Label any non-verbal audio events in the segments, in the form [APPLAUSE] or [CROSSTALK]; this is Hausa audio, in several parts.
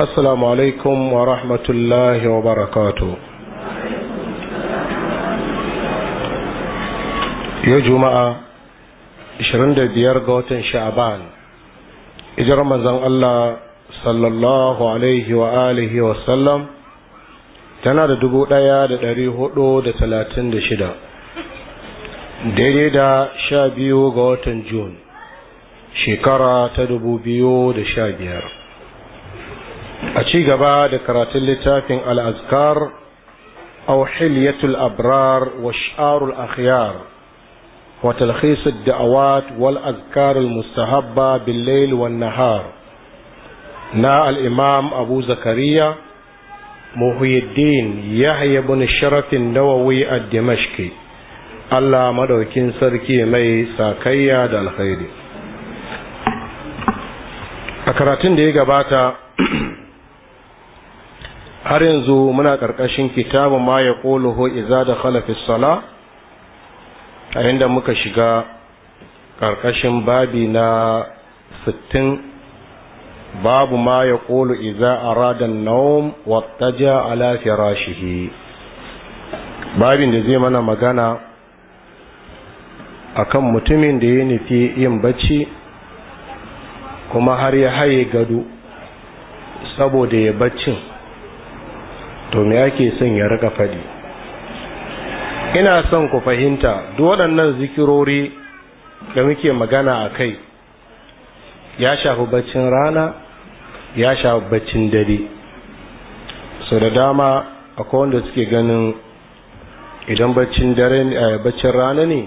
السلام عليكم ورحمة الله juma'a يا جماعة 25 ga watan Shaban, ijar mazan Allah sallallahu alaihi wa wa sallam tana da dubu ɗaya da ɗari hudu da talatin da shida daidai da sha biyu ga watan jun shekara ta dubu biyu da sha biyar a ci gaba da karatun littafin al’azkar auhiliyatul abrar wa sha’arul akhyar wa talhisar da'awat wal azkarul mustahabba billail wa nahar na al’imam abu zakariya muhuyiddin yahya Bani, sharafin nawawi a dimashki allah madaukin sarki mai sakayya da alkhairi a karatun da ya gabata [CLEARS THROAT] har yanzu muna ƙarƙashin kitabu ma ya ƙoluhu iza da khalafis sala a inda muka shiga ƙarƙashin babi na sittin babu ma ya ƙolu iza a radan naum ja lafiyar firashihi babin da zai mana magana a kan mutumin da ya nufi yin bacci kuma har ya haye gado saboda ya baccin to me ake son ya rika faɗi ina son ku fahimta duk waɗannan zikirori da muke magana a kai ya shafi baccin rana ya shafi baccin dare so da dama akwai wanda suke ganin idan baccin dare eh, baccin rana ne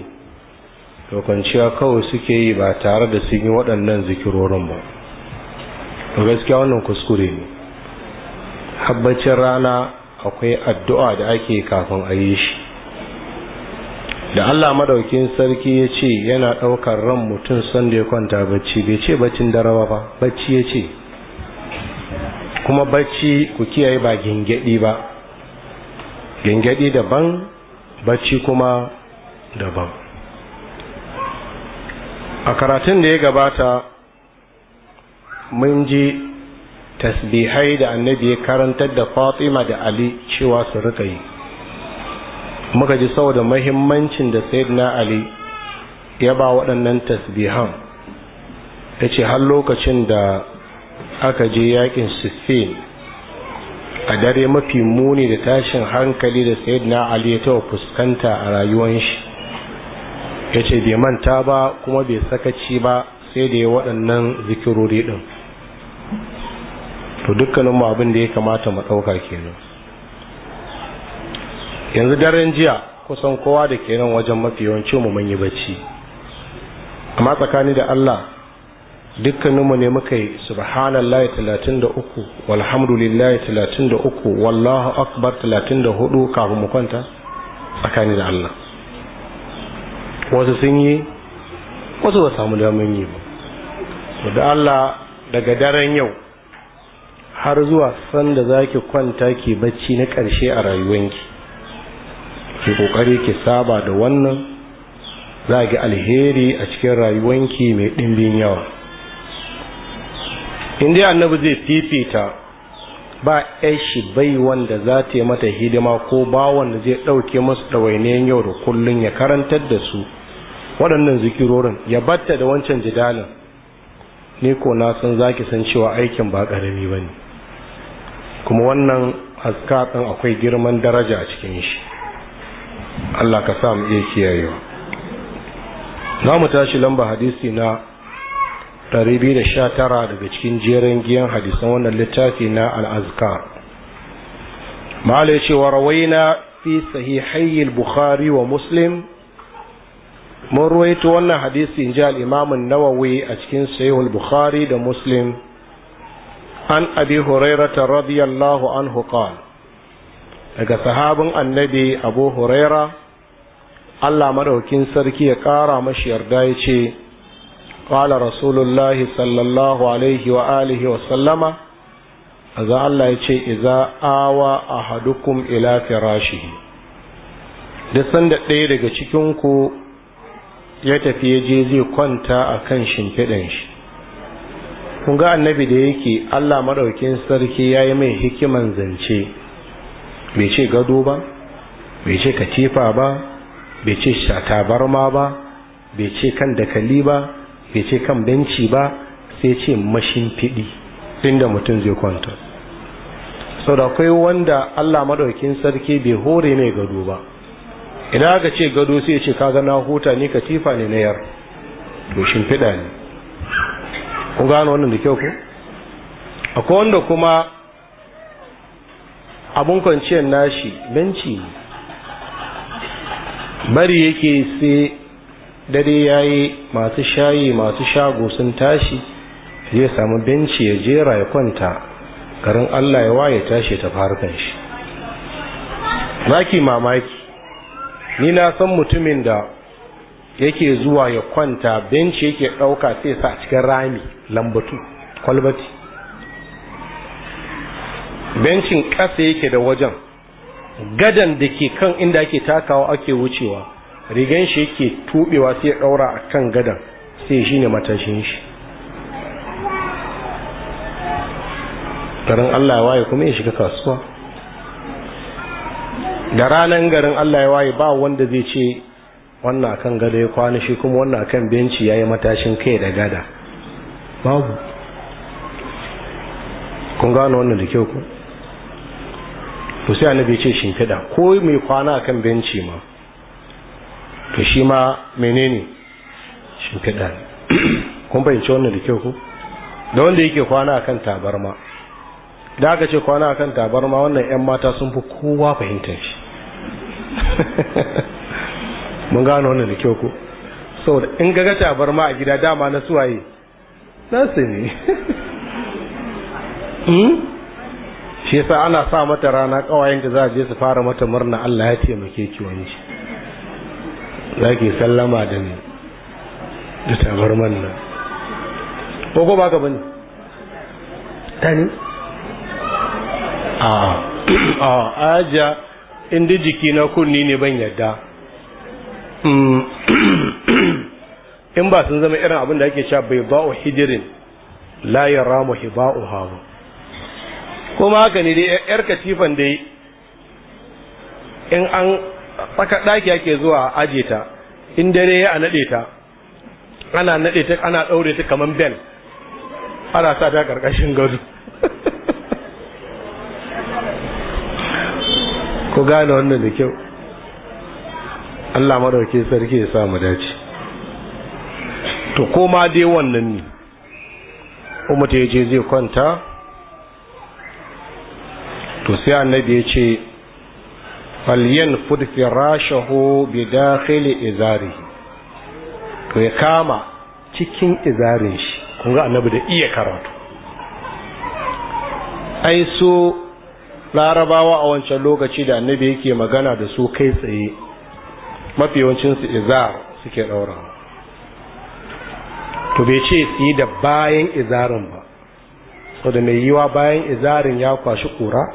to kwanciya kawai suke yi ba tare da sun yi waɗannan zikirorin ba gaskiya wannan kuskure ne habbacin rana akwai addu'a da ake kafin a yi shi da Allah madaukin sarki ya ce yana ɗaukar ran mutum sanda ya kwanta bacci bai ce baccin darawa ba bacci ya ce kuma bacci ku kiyaye ba gingadi ba gingadi daban bacci kuma daban a karatun da ya gabata mun ji tasbihai da annabi ya karantar da fatima da ali cewa su rika yi muka ji saboda mahimmancin da sayyidina ali ya ba waɗannan tasbihan ya ce har lokacin da aka je yakin Sifin a dare mafi muni da tashin hankali da sayyidina ali ya taɓa fuskanta a rayuwan shi ya ce bai manta ba kuma bai sakaci ba sai da ya waɗannan zikirori ɗin to dukkanin mu abin da ya kamata mu ɗauka kenan yanzu daren jiya kusan kowa da kenan wajen mafi yawanci mu mun yi bacci amma tsakani da Allah dukkaninmu ne muka yi subhanallahi 33 walhamdulillahi 33 wallahu akbar 34 kafin mu kwanta tsakani da Allah wasu sun yi wasu ba samu damar yi ba da Allah daga daren yau har zuwa sanda zaki kwanta ki bacci na ƙarshe a rayuwanki ki ƙoƙari ki saba da wannan za ga alheri a cikin rayuwanki mai ɗimbin yawa in dai annabi zai fifita ba shi bai wanda za ta yi mata hidima ko ba wanda zai ɗauke masu ɗawainiyan yau da kullum ya karantar da su waɗannan zikirorin ya batta da wancan jidalin ni ko na san zaki san cewa aikin ba ƙarami ba ne kuma wannan haska ɗin akwai girman daraja a cikin shi Allah ka sa mu iya kiyayewa za mu tashi lamba hadisi na 219 daga cikin jerin giyan hadisan wannan littafi na alazka ma'ala ce wa rawaina fi sahihai bukhari wa muslim mun ruwaito wannan hadisi in ji al'imamun nawawi a cikin sahihul bukhari da muslim an abi hurairata radiyallahu anhu qala daga sahabin annabi abu huraira Allah madaukin sarki ya kara mashi yarda ya ce qala rasulullahi sallallahu alaihi wa alihi wa sallama azza Allah ya ce idza awa ahadukum ila firashihi duk sanda ɗaya daga cikin ku ya tafi ya je zai kwanta a kan shimfiɗin shi kun ga annabi da yake Allah maɗaukin sarki ya yi mai hikiman zance bai ce gado ba bai ce katifa ba bai ce shatabarma ba bai ce kan dakali ba bai ce kan benci ba sai ce mashin fidi inda mutum zai kwanta sau da akwai wanda Allah maɗaukin sarki bai hore mai gado ba idan aka ce gado sai ce kaga na huta ni katifa ne na yar to shimfiɗa ne kun gano wannan da kyau ko akwai wanda kuma abun kwanciyar nashi benci bari yake sai dare yi masu shayi masu shago sun tashi zai samu benci ya jera ya kwanta garin Allah ya waye tashi ta farkan shi maki mamaki ni na san mutumin da yake zuwa ya kwanta benci yake ɗauka sai sa a cikin rami lambatu kwalbati bencin ƙasa yake da wajen gadan da ke kan inda ake takawa ake wucewa rigan shi yake tubewa sai ya ɗaura a kan gadan sai shi ne matashin shi garin Allah ya waye kuma ya shiga kasuwa da ranar garin Allah ya waye ba wanda zai ce wannan akan gado ya kwana shi kuma wannan akan benci ya yi matashin kai da gada babu kun gano wannan da kyau ku to sai annabi ce shimfiɗa ko mai kwana akan benci ma to shi ma menene shimfiɗa ne [CLEARS THROAT] kun fahimci wannan da kyau ku da wanda yake kwana akan tabarma da aka ce kwana akan tabarma wannan 'yan mata sun fi kowa fahimtar shi [LAUGHS] mun gano wannan da kyau ko saboda in ga bar ma a gida dama na suwaye nasu [LAUGHS] ne hmm? shi yasa ana sa mata rana kawayen da za a je su fara mata murna Allah ya taimake ki wanci za ki sallama da ni da tabar manna ko ko baka bane tani a [COUGHS] a aja inda jiki na kunni ne ban yadda Hmm. [CLEARS THROAT] in ba sun zama irin abin da ake sha bai ba'u hijirin ramu yara muhiba'u hawa kuma haka ne dai yar katifan dai in an tsaka daki ake zuwa a aje ta in dare ya nade ta ana nade ta ana daure ta kaman bel ana sa ta karkashin gado [LAUGHS] ku gane wannan da kyau Allah madauke sarki ya sa mu dace to koma dai wannan ne umar ta yace zai kwanta to sai annabi ya ce falyan rashahu bi dakhili izari to ya kama cikin izarin shi kun ga annabi da iya karatu ai so larabawa a wancan lokaci da annabi yake magana da su kai tsaye mafi yawancin su izar suke ɗaura to bai ce su yi da bayan izarin ba so da mai yiwa bayan izarin ya kwashi kura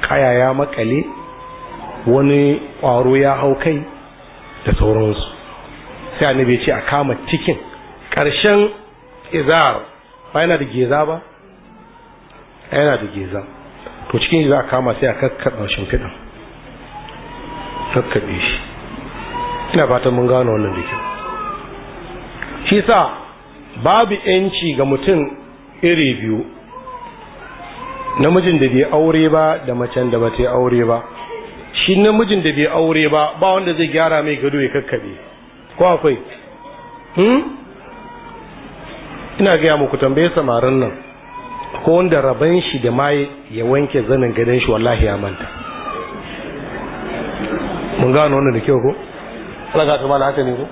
kaya ya makale wani ƙwaro ya hau kai da sauransu sai bai ce a kama cikin karshen izar ba yana da geza ba yana da geza to cikin za a kama sai a kakkaɓa shimfiɗin kakkaɓe shi ina fatan mun gano wannan da shi sa babu yanci ga mutum iri biyu namijin da bai aure ba da macen da bata aure ba shi namijin da bai aure ba ba wanda zai gyara mai gado ya kakkabe ko akwai hmm? ina gaya muku tambaye samarin nan ko wanda raban shi da maye ya wanke zanin gadon shi wallahi ya manta mun gano wannan da kyau ko alaga ta mala haka ne ko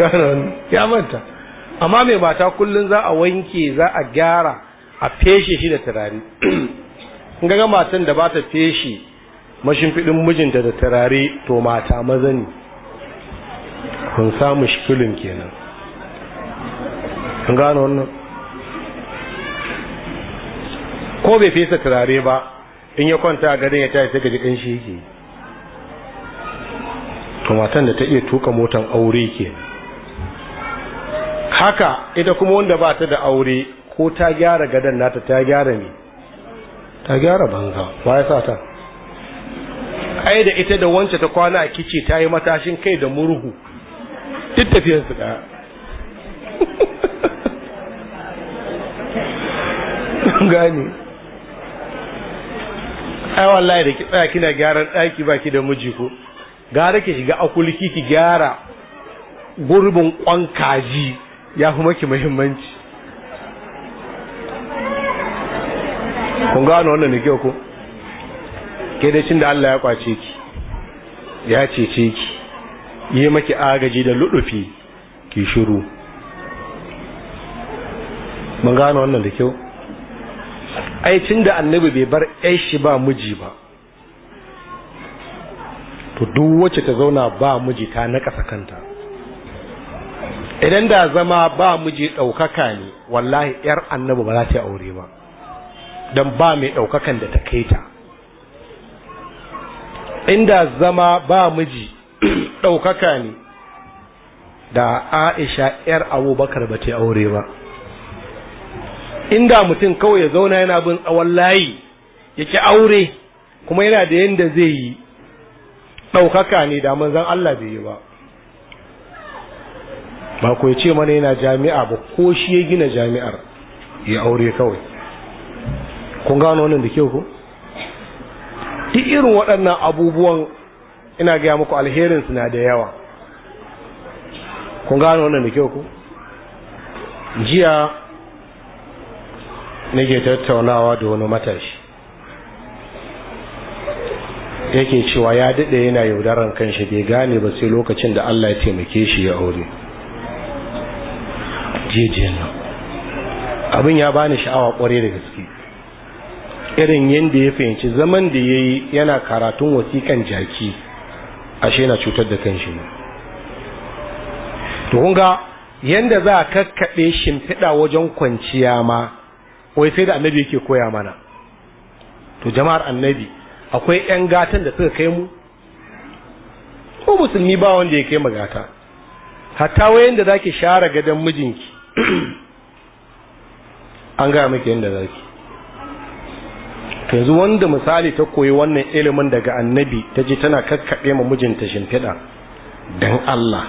gano ya manta amma mai mata kullum za a wanke za a gyara a feshe shi da turare gaga matan da ba ta feshe mashimfiɗin mijinta da turare to mata maza ne kun samu shikilin kenan gano wannan ko bai fesa turare ba in ya kwanta a gadon ya tashi sai gaji ji kanshi yake to matan da ta iya tuka motan aure ke haka ita kuma wanda ba ta da aure ko ta gyara gadon nata ta gyara ne ta gyara banza ba ya sa ta ai da ita da wance ta kwana a kici ta yi matashin kai da murhu duk tafiyar su ɗaya. [LAUGHS] ai wallahi da ki kina gyaran ɗaki baki da miji ko gara ki shiga akulki ki gyara gurbin kwan kaji ya fi maki muhimmanci kun gano wannan da kyau ko ke da cin da Allah ya kwace ki ya cece ki yi maki agaji da luɗufi ki shiru mun gano wannan da kyau ai da annabi bai bar ƴar shi ba miji ba to duk wacce ta zauna ba miji ta nakasa kanta idan da zama ba miji ɗaukaka ne wallahi 'yar annabi ba za ta aure ba don ba mai ɗaukakan da ta kai ta inda zama ba miji [CLEARS THROAT] ɗaukaka ne da aisha 'yar abubakar ba ta aure ba inda mutum kawai ya zauna yana bin tsawon layi yake aure kuma yana da yadda zai yi ɗaukaka ne da manzan Allah bai yi ba ba ku ce mana yana jami'a ba ko shi ya gina jami'ar ya aure kawai kun gano wannan da kyau ku Ki irin waɗannan abubuwan ina gaya muku alherin suna da yawa kun gano wannan da kyau ku jiya nake tattaunawa da wani matashi yake cewa ya daɗe yana yaudaran kanshi bai gane ba sai lokacin da Allah ya taimake shi ya aure jejiyar nan abin ya bani sha'awa kware da gaske irin yadda ya fahimci zaman da ya yi yana karatun wasiƙan jaki ashe na cutar da kanshi ne to ga yadda za a kakkaɓe shimfiɗa wajen kwanciya ma wai sai da annabi yake koya mana to jama'ar annabi akwai yan gatan da suka kai mu ko musulmi ba wanda ya kai gata hatta wayan da zaki share gadon mijinki [CLEARS THROAT] an gaya miki yanda zaki yanzu wanda misali ta koyi wannan ilimin daga annabi ta ji tana kakkaɓe ma mijinta shimfiɗa Dan Allah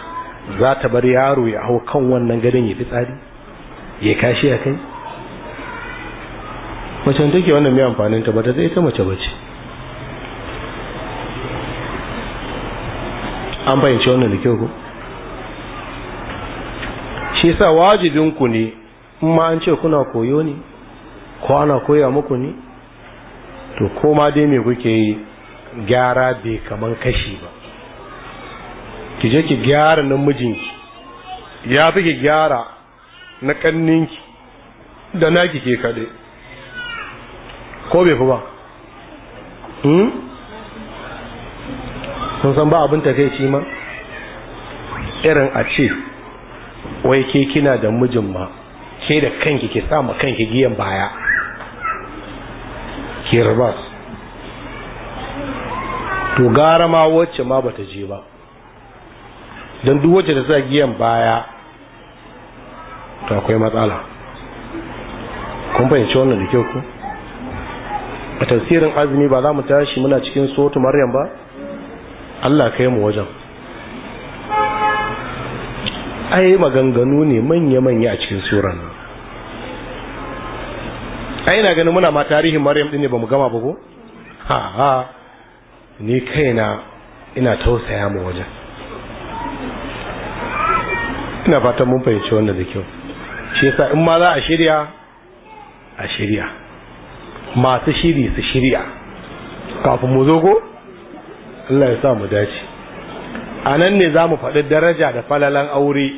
za ta bar yaro ya hau kan wannan gadon ya fi tsari ya kashi a kai macen take wannan mai amfanin ta bata zai ta mace bace an bayyance wannan da kyau ko shi sa wajibin ku ne in ma an ce kuna koyo ne ko ana koya muku ne to ko ma dai me kuke yi gyara bai kaman kashi ba ki je ki gyara namijinki ya fi ki gyara na kanninki da naki ke kaɗai ko bai fi ba sun hmm? san ba abin takaici ma irin a ce wai ke kina da mijin ma ke da kanki ke sama kanki giyan baya ke rabas to gara ma wacce ma bata je ba don duk wacce da sa giyan baya to akwai matsala kun fahimci wannan da kyau ku a tafsirin azumi ba za mu tashi muna cikin sotu maryam ba Allah kai mu wajen ai maganganu ne manya-manya a cikin suran ai na ganin muna ma tarihin maryam din ne ba mu gama ba ko ha ha ni kaina ina tausaya mu wajen ina fatan mun fahimci wannan da kyau shi yasa in ma za a shirya a shirya masu shiri su shirya kafin mu zo ko Allah ya sa mu dace a nan ne za mu faɗi daraja da falalan aure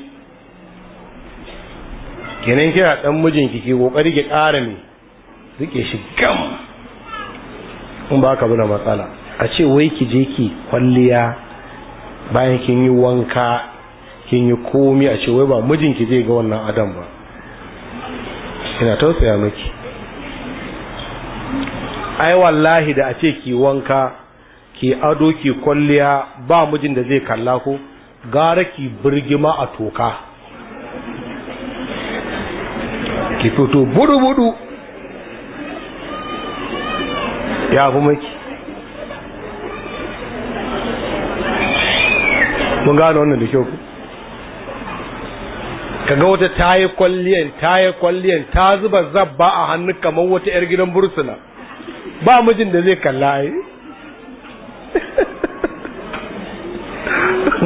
kenan kira ɗan mijinki ke ƙoƙari ki ƙara ne, rike shi gam in ba ka buna matsala a ce wai ki je ki kwalliya bayan kin yi wanka kin yi komi a ce wai ba mijinki zai ga wannan adam ba ina tausaya miki ai wallahi da a ce ki wanka ki ado ki kwalliya ba mijin da zai kalla ko gara ki birgima a toka ki fito budu budu ya fi maki mun gano wannan da kyau ku kaga wata ta yi kwalliyan ta yi kwalliyan ta zuba zabba a hannu kamar wata 'yar gidan bursuna ba mijin da zai kalla ai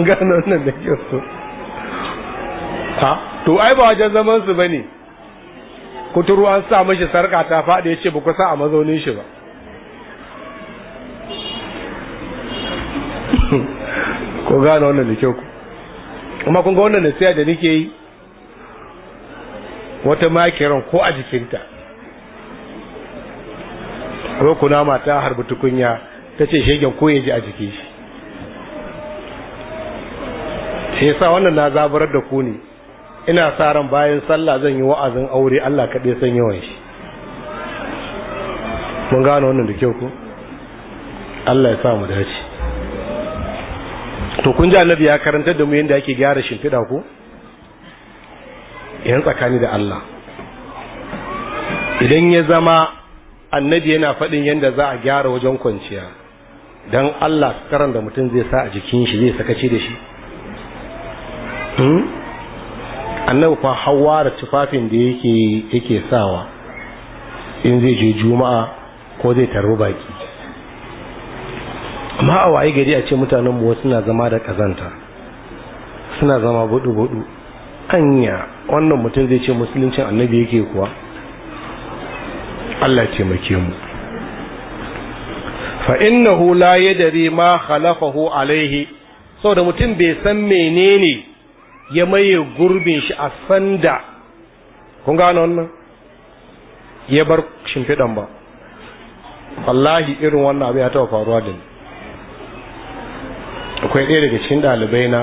gano nan da kyau so ha to ai ba wajen zaman su bane kuturu an sa mashi sarka ta faɗi ya ce ba ku sa a mazaunin shi ba [LAUGHS] ko gano wannan da kyau Amma kun ga wannan da sai da nake yi wata makiran ko a jikinta roko kunama ta harbi tukunya ta ce shegen ko ya ji a jiki shi shi yasa wannan na zaburar da ku ne ina sa ran bayan sallah zan yi wa'azin aure Allah kaɗai san yawan shi mun gano wannan da kyau ko Allah ya sa mu dace to kun ji annabi ya karantar da mu yadda ake gyara shimfiɗa ko yan tsakani da Allah idan ya zama annabi yana faɗin yadda za a gyara wajen kwanciya don allah karan da mutum zai sa a jikin shi zai sakaci da shi hmm? annabi kwa hawa da tufafin da yake sawa in zai je juma'a ko zai tarbi baki amma a waye gari a ce mutanen mu suna zama da kazanta suna zama budu budu anya wannan mutum zai ce musuluncin annabi yake kuwa Allah taimake mu fa innahu la yadri ma khalaqahu alaihi saboda mutum bai san menene ya maye gurbin shi a sanda kun gano wannan ya bar shimfiɗan ba wallahi irin wannan abu ya taɓa faruwa da ni akwai ɗaya daga cikin ɗalibai na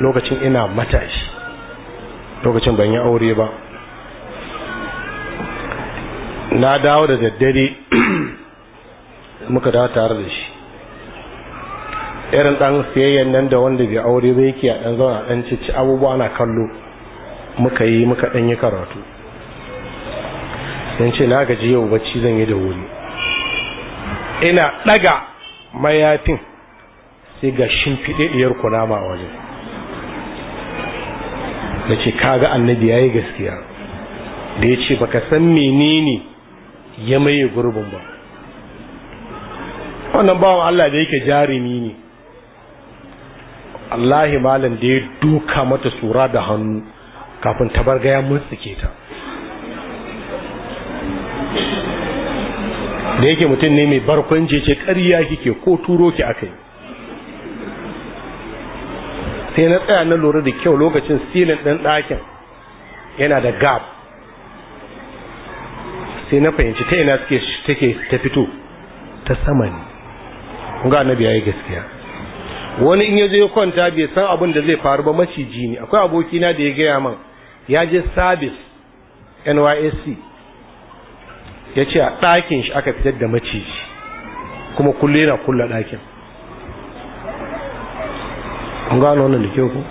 lokacin ina matashi lokacin ban yi aure ba na dawo da daddare [CLEARS THROAT] muka dawo tare da shi irin dan siyayyan nan da wanda bai aure bai yake a dan zauna dan cici abubuwa na kallo muka yi muka dan yi karatu dan ce na gaji yau bacci zan yi da wuri ina daga mayafin sai ga shimfiɗe diyar kunama a wajen da ce kaga annabi yi gaskiya da ya ce baka san menene ya maye gurbin ba wannan bawan Allah da yake jarumi ne Allahi malam da ya duka mata sura da hannu kafin tabarga ya ke ta da yake mutum ne mai barkwanci ce ƙarya kike ko turo ki yi. sai na tsaya na lura da kyau lokacin silin ɗan ɗakin yana da gab. sai na fahimci ta ina suke take ta fito ta sama ne kun ga annabi yayi gaskiya wani in yaje ya kwanta bai san abin da zai faru ba maciji ne akwai aboki na da ya gaya man ya je service NYSC ya ce a ɗakin shi aka fitar da maciji kuma kulle yana kulla ɗakin kun gano wannan da kyau ko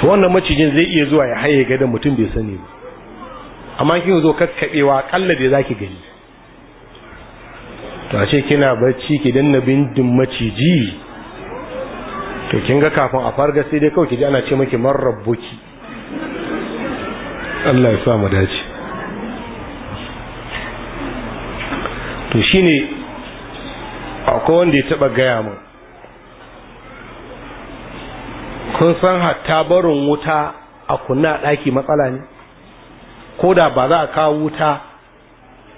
to wannan macijin zai iya zuwa ya haye gadon mutum bai sani ba amma kin zo kakkaɓewa kalla da zaki gani to a ce kina barci ki danna bindin maciji to kin ga kafin a farga sai dai kawai ki ji ana ce miki man rabbuki Allah ya sa mu dace to shine akwai wanda ya taba gaya min kun san hatta barin wuta a kunna ɗaki matsala ne ko ba za a kawo wuta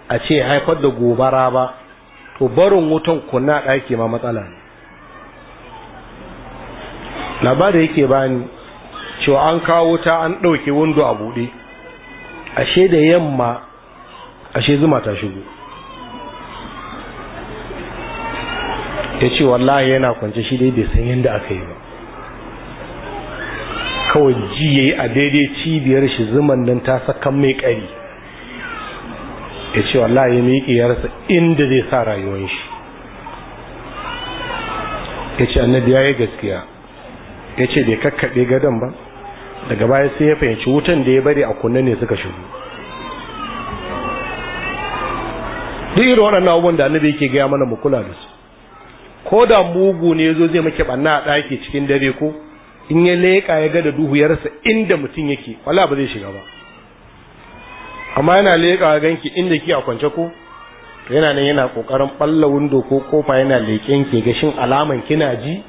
a ce haifar da gobara ba to barin wutan kunna ɗaki ma matsala ne labarin yake bani cewa an kawo wuta an ɗauke wando a buɗe ashe da yamma ashe zuma ta shigo ya ce wallahi yana kwance shi dai bai san yadda aka yi ba kawai ji yayi a daidai cibiyar shi zuman nan ta sakan mai kari ya ce wallahi ya miƙe ya inda zai sa rayuwar shi ya ce annabi ya yi gaskiya ya ce bai kakkaɓe gadon ba daga baya sai ya fahimci wutan da ya bari a kunne ne suka shigo duk irin waɗannan abubuwan da annabi yake gaya mana mu kula da su ko da mugu ne zo zai maki ɓanna a ɗaki cikin dare ko in ya leƙa ya ga da duhu ya rasa inda mutum yake wala ba zai shiga ba amma yana leƙa ya ganki inda ki a kwance ko yana nan yana kokarin ɓalla windo ko kofa yana leƙen ke ga shin alaman kina ji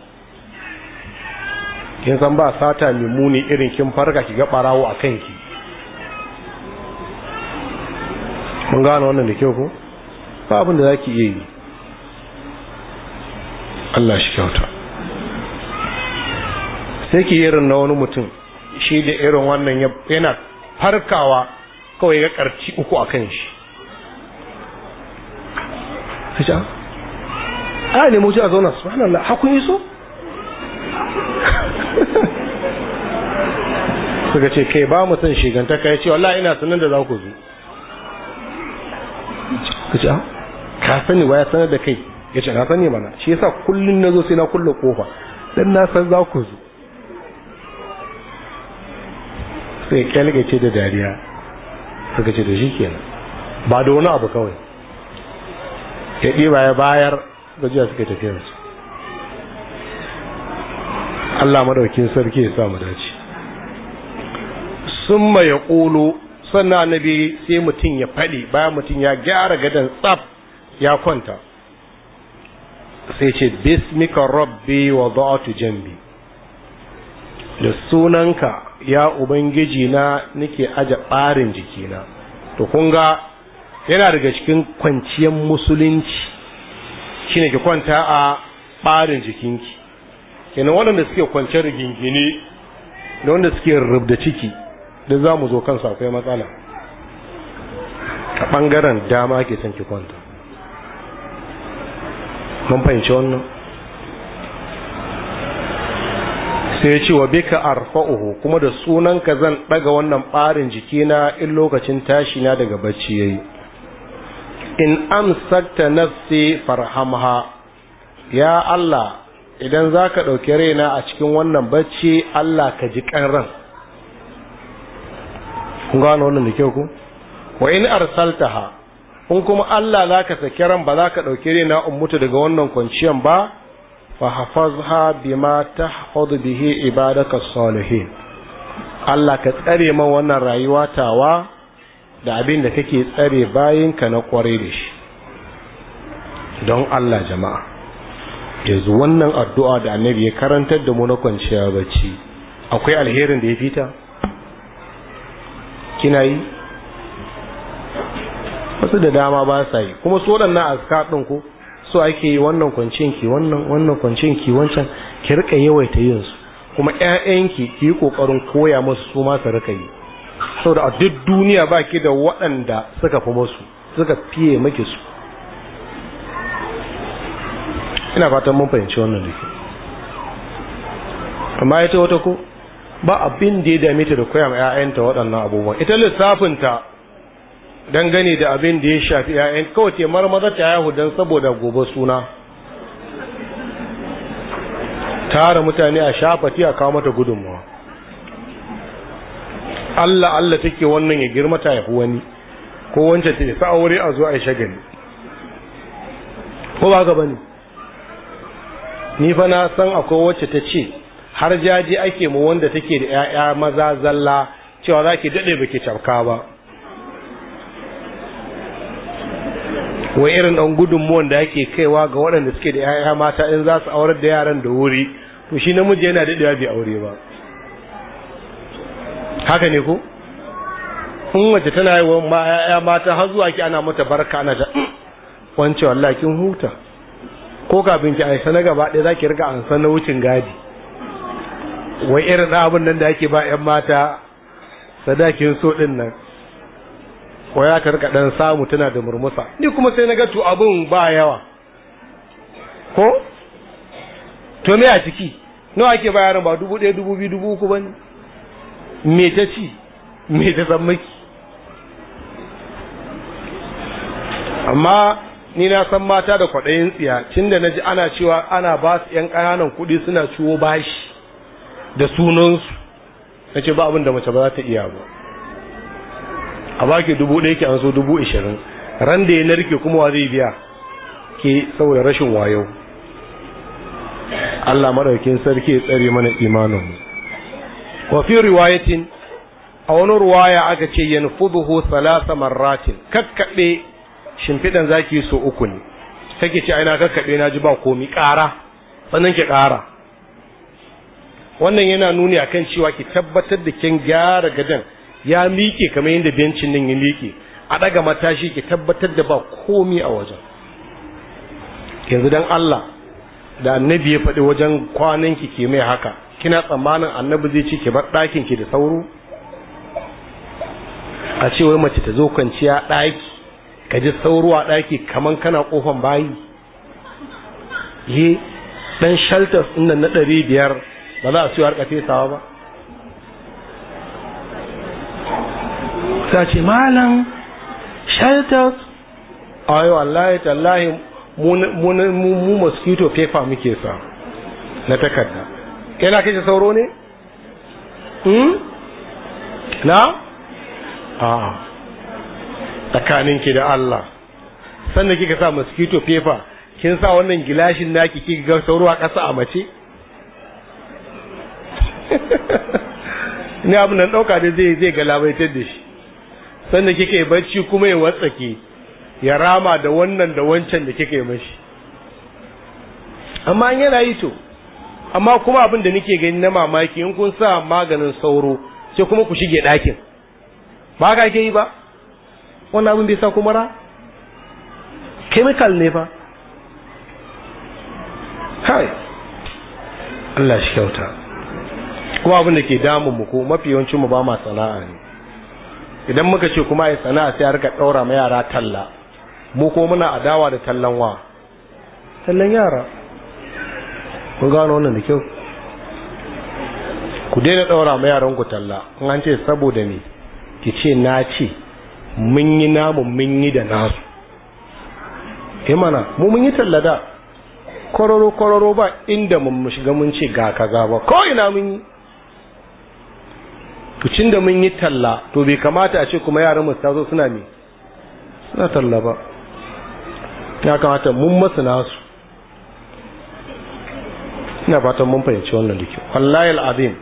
kin san ba sata mai muni irin kin farka ki ga barawo a kanki mun gano wannan da kyau ko ba abin da zaki iya yi Allah shi kyauta sai ki irin na wani mutum shi da irin wannan yana farkawa kawai ga karci uku a kan shi a ne mutu a zauna subhanallah hakun iso [LAUGHS] suka ce kai ba mu shiganta ka kai ce wallah ina sanar da za ku zo ka ka sani waya sanar da kai ya ce na sani mana shi yasa na zo sai na kulle kofa dan na san za ku zo sai kyalgace da dariya suka ce da shi kenan ba da wani abu kawai ya ɗiba ya bayar gajiya suka tafiya su Allah madaukin sarki ya sa mu dace summa ya ƙulu sannan annabi sai mutum ya faɗi bayan mutum ya gyara gadon tsaf ya kwanta sai ce bismika rabbi wa da'atu jambi da sunanka ya ubangiji na nake aje ɓarin jikina to kun yana daga cikin kwanciyar musulunci shine ki kwanta a ɓarin jikinki kenan waɗanda suke kwanciyar rigingine da wanda suke rubda ciki da za mu zo kansu akwai matsala a ɓangaren dama ke son ki kwanta mun fahimci wannan sai ya ce wa bika arfa'uhu kuma da sunanka zan daga wannan barin jikina in lokacin tashi na daga bacci yayi in amsakta nafsi farhamha ya Allah idan zaka dauke raina a cikin wannan bacci Allah ka ji ran kun gano wannan da kyau ku wa in arsaltaha in kuma Allah zaka saki ran ba zaka dauke raina in mutu daga wannan kwanciyan ba فحفظها بما تحفظ به عبادك الصالحين Allah ka tsare man wannan rayuwa tawa da abin da kake tsare bayinka na kwarai da shi don Allah jama'a yanzu wannan addu'a da annabi ya karantar da mu na kwanciya bacci akwai alherin da ya fita kina yi wasu da dama basa yi kuma su waɗannan aska ɗin ku? so ake yi wannan kwancin ki wannan wannan kwancin ki wancan ki rika yawaita yin su kuma ƴaƴanki ki yi kokarin koya musu su ma su rika yi saboda a duk duniya ba ki da waɗanda suka fi musu suka fiye maki su ina fatan mun fahimci wannan da ke amma ita wata ko ba abin da ya dame ta da koya ma ƴaƴanta waɗannan abubuwan ita lissafinta dangane da abin da ya shafi ‘ya'yan kawai ce marmaza ta yahu don saboda gobe suna tara mutane a shafati a kawo mata gudunmawa Allah Allah take wannan ya girma ta fi wani ko wancan ta isa aure a zo a yi shagali ko ba gaba ne ni fa na san akwai wacce ta ce har jaji ake mu wanda take da ‘ya'ya maza zalla cewa za ki daɗe ba ki cafka ba wa irin ɗan gudunmuwan da ake kaiwa ga waɗanda suke da yaya mata in za su aurar da yaran da wuri to shi namiji yana daɗewa bai aure ba haka ne ko in wace tana yi wa yaya mata har zuwa ki ana mata barka ana ta mm, wancan kin huta ko kafin ki aisa na gaba ɗaya zaki riga an san na wucin gadi wai irin abin nan da ake ba yan mata sadakin so ɗin nan ko ya ta rika dan samu tana da murmusa ni kuma sai na ga to abun ba yawa ko to me a ciki nawa ake bayaran ba dubu ɗaya dubu biyu dubu uku bane me ta ci me ta san amma ni na san mata da kwaɗayin tsiya tun da na ji ana cewa ana ba su ‘yan ƙananan kuɗi suna ciwo bashi da sunansu na ce ba abin da mace ba za ta iya ba a baki dubu ɗaya ke an so dubu ishirin ran da ya narke kuma wa zai biya ke saboda rashin wayo Allah maraukin sarki ya tsare mana imanin wa fi riwayatin a wani ruwaya aka ce yanfuduhu salasa marratin kakkabe shimfiɗan zaki so uku ne kake ce aina kakkaɓe na ji ba komi ƙara sannan ke ƙara wannan yana nuni akan cewa ki tabbatar da kin gyara gadan ya miƙe kamar yadda bencin nan ya miƙe a ɗaga matashi ke tabbatar da ba komi a wajen yanzu don Allah da annabi ya faɗi wajen kwananki ke mai haka kina tsammanin annabi zai ce ki bar ɗakin ki da sauro a ce mace ta zo kwanciya ɗaki ka ji sauro a ɗaki kaman kana ƙofan bayi yi eh, ɗan shaltas ɗin na ɗari biyar ba za a ciwo harka fesawa ba ta ce malam shelters ayo wallahi tallahi mu mosquito paper muke sa na takarda yana kashe sauro ne hmm na a tsakanin ki da Allah sannan kika sa mosquito paper kin sa wannan gilashin naki kika ga sauro a ƙasa a mace [LAUGHS] ne abin nan ɗauka da zai zai galabaitar da shi sanda kike bacci kuma ya watsake ya rama da wannan da wancan da kike mashi amma yana yi to amma kuma abin da nake gani na mamaki in kun sa maganin sauro ce kuma ku shige ɗakin ba ka ke yi ba wannan abin bai sa kuma ra chemical ne fa kai Allah shi kyauta kuma abin da ke damun mu ko mafi yawancin mu ba ma sana'a ne idan muka ce kuma ya sana'a sai a rika daura ma yara talla mu ko muna adawa da tallan wa tallan yara kun gano wannan da kyau ku daina daura ma yaran ku talla kun an ce saboda ni ki ce na ce mun yi namu mun yi da nasu eh mana mu mun yi talla da kororo kororo ba inda mun shiga mun ce ga kaza ba ko ina mun yi tucin da mun yi talla to bai kamata a ce kuma yaran mu tazo suna ne? suna talla ba ya kamata mun masu nasu ina fatan mun fahimci wannan da kyau wallahi al'azim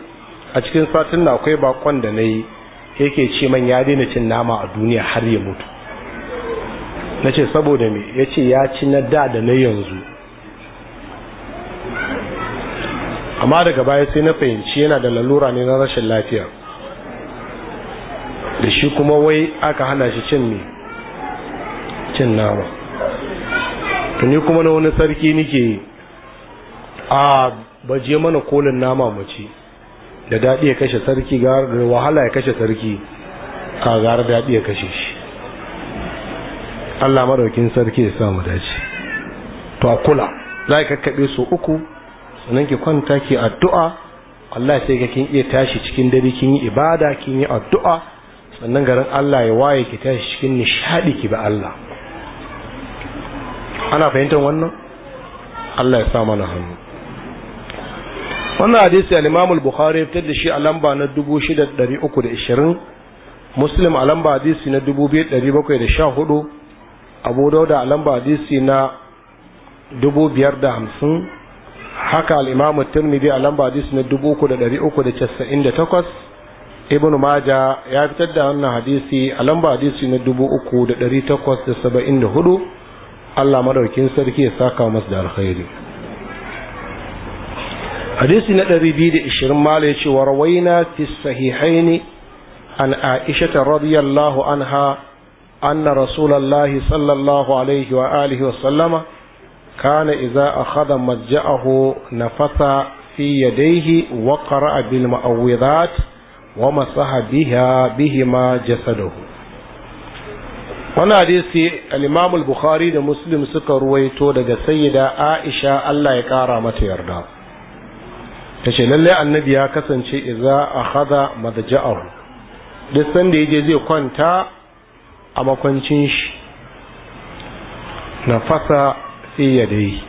a cikin satin na akwai bakon da na ya yake ce man ya daina cin nama a duniya har ya mutu na ce saboda me ya ce ya ci na da da na yanzu amma daga baya sai na fahimci yana da lalura ne na rashin lafiya da shi kuma wai aka hana shi cin ne cin nama tuni kuma na wani sarki nike a baje mana kolin nama mace da daɗi ya kashe sarki da wahala ya kashe sarki a gara daɗi ya kashe shi allah maraukin sarki ya samu dace to a kula za ka kakkaɓe su uku sannan ki kwanta ki addu'a Allah sai ka kin iya tashi cikin dare kin yi ibada kin yi addu'a sannan garin Allah ya waye ki tashi cikin nishadi ki ba Allah ana fahimtar wannan Allah ya sa mana hannu wannan hadisi al-Imam al-Bukhari ya fitar da shi a lamba na 6320 Muslim a lamba hadisi na 2714 Abu Dawud a lamba hadisi na 550 haka al-Imam at-Tirmidhi a lamba hadisi na 3398 ibn maja ya fitar da wannan hadisi a lamba hadisi na dubu uku da ɗari takwas da saba'in da hudu allah madaukin sarki ya saka masu da alkhairi hadisi na ɗari biyu da ishirin mala ya ce wa rawaina fi sahihaini an Aisha ta radiyallahu anha anna rasulallahi sallallahu alaihi wa alihi wa sallama كان إذا أخذ مضجعه نفث في يديه وقرأ بالمعوذات wa masaha biha bihima jasadahu wannan hadisi al-Imam al-Bukhari da Muslim suka ruwaito daga Sayyida Aisha Allah ya ƙara mata yarda Yaushe lallai annabi ya kasance idza akhadha madja'ahu duk sanda ya je zai kwanta a makwancin shi nafasa fi yadayhi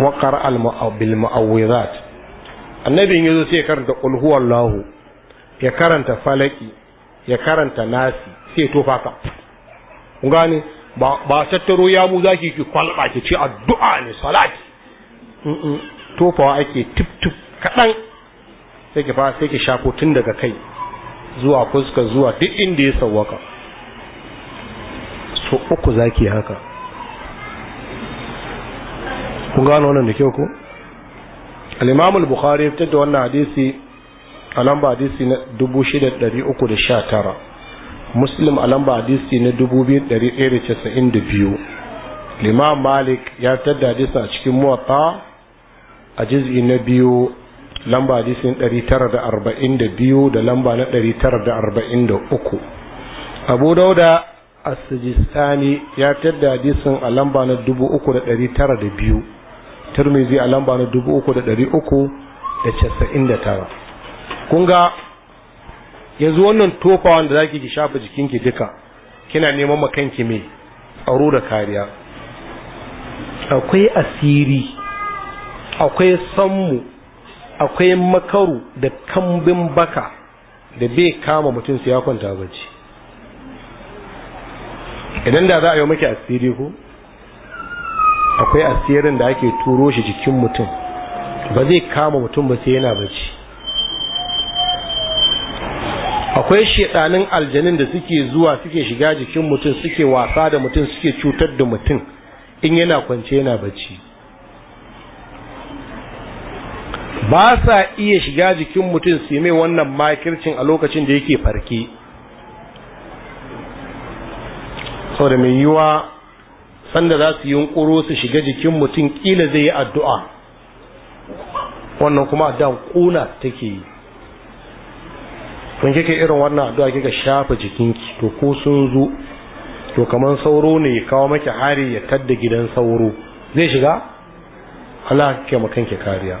wa qara al-mu'awwidhat annabin yazo sai ya karanta qul huwallahu ya karanta falaki ya karanta nasi sai tofa ka kun gane ba ba tattaro ya mu zaki ki kwalba ki ce addu'a ne salati tofawa ake tip tip kadan sai ki fa sai ki shafo tun daga kai zuwa fuska zuwa duk inda ya sawwaka so uku zaki haka kun gane wannan da kyau ko al-imam al-bukhari fitar da wannan hadisi a lamba hadisi na 6319 muslim a lamba hadisi na 2192 limam malik ya fitar da hadisi a cikin muwatta a jiz'i na biyu lamba hadisin 942 da lamba na 943 abu dauda as-sijistani ya fitar da hadisin a lamba na 3902 tirmizi a lamba na dubu uku da ɗari uku da casa'in da tara kun ga yanzu wannan tofawan da zaki ki shafa jikinki duka kina neman makanki mai tsaro da kariya akwai asiri akwai sammu akwai makaru da kambin baka da bai kama mutum su ya kwanta bacci idan da za a yi maki asiri ko akwai asirin da ake turo shi jikin mutum ba zai kama mutum ba sai yana bacci akwai shedanin aljanin da suke zuwa suke shiga jikin mutum suke wasa da mutum suke cutar da mutum in yana kwance yana bacci ba sa iya shiga jikin mutum su mai wannan makircin a lokacin da yake farke sau da mai yiwa sanda za su yunkuro su shiga jikin mutum kila zai yi addu'a wannan kuma addu'a kuna take yi kuma kika irin wannan addu'a kika shafa jikinki to ko sun zo to kamar sauro ne ya kawo maki hari ya tadda gidan sauro zai shiga Allah ke kanki kariya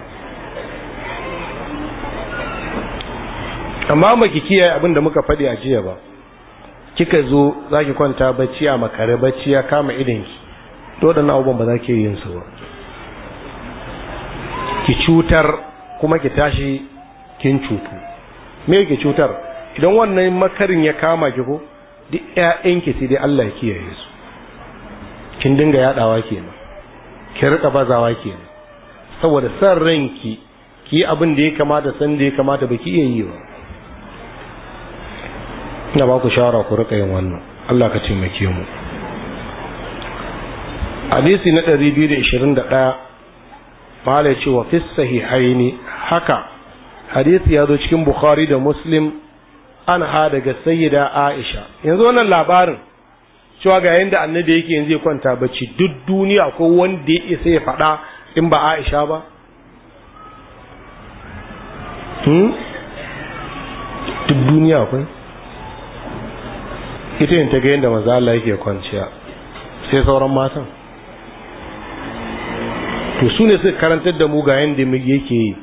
amma baki kiyaye abin da muka faɗi a jiya ba kika zo zaki kwanta bacci a makare bacci ya kama idanki to waɗannan abubuwan ba za ki yin su ba ki cutar kuma ki tashi kin cutu me ki cutar idan wannan makarin ya kama ki ko duk ƴaƴanki sai dai Allah ya kiyaye su kin dinga yadawa kenan ki rika bazawa kenan saboda san ranki ki yi abin da ya kamata san da ya kamata baki iya yi ba ina ba ku shawara ku rika yin wannan Allah ka taimake mu hadisi na 221 mala ya ce wa fi sahihaini haka hadisi ya zo cikin bukhari da muslim an ha daga sayyida aisha yanzu wannan labarin cewa ga yanda annabi yake yanzu ya kwanta bacci duk duniya ko wanda ya isa ya faɗa in ba aisha ba hmm? duk duniya akwai ita yin ta ga yadda maza Allah yake kwanciya sai sauran matan to su ne suka karantar da mu ga yanda yake yi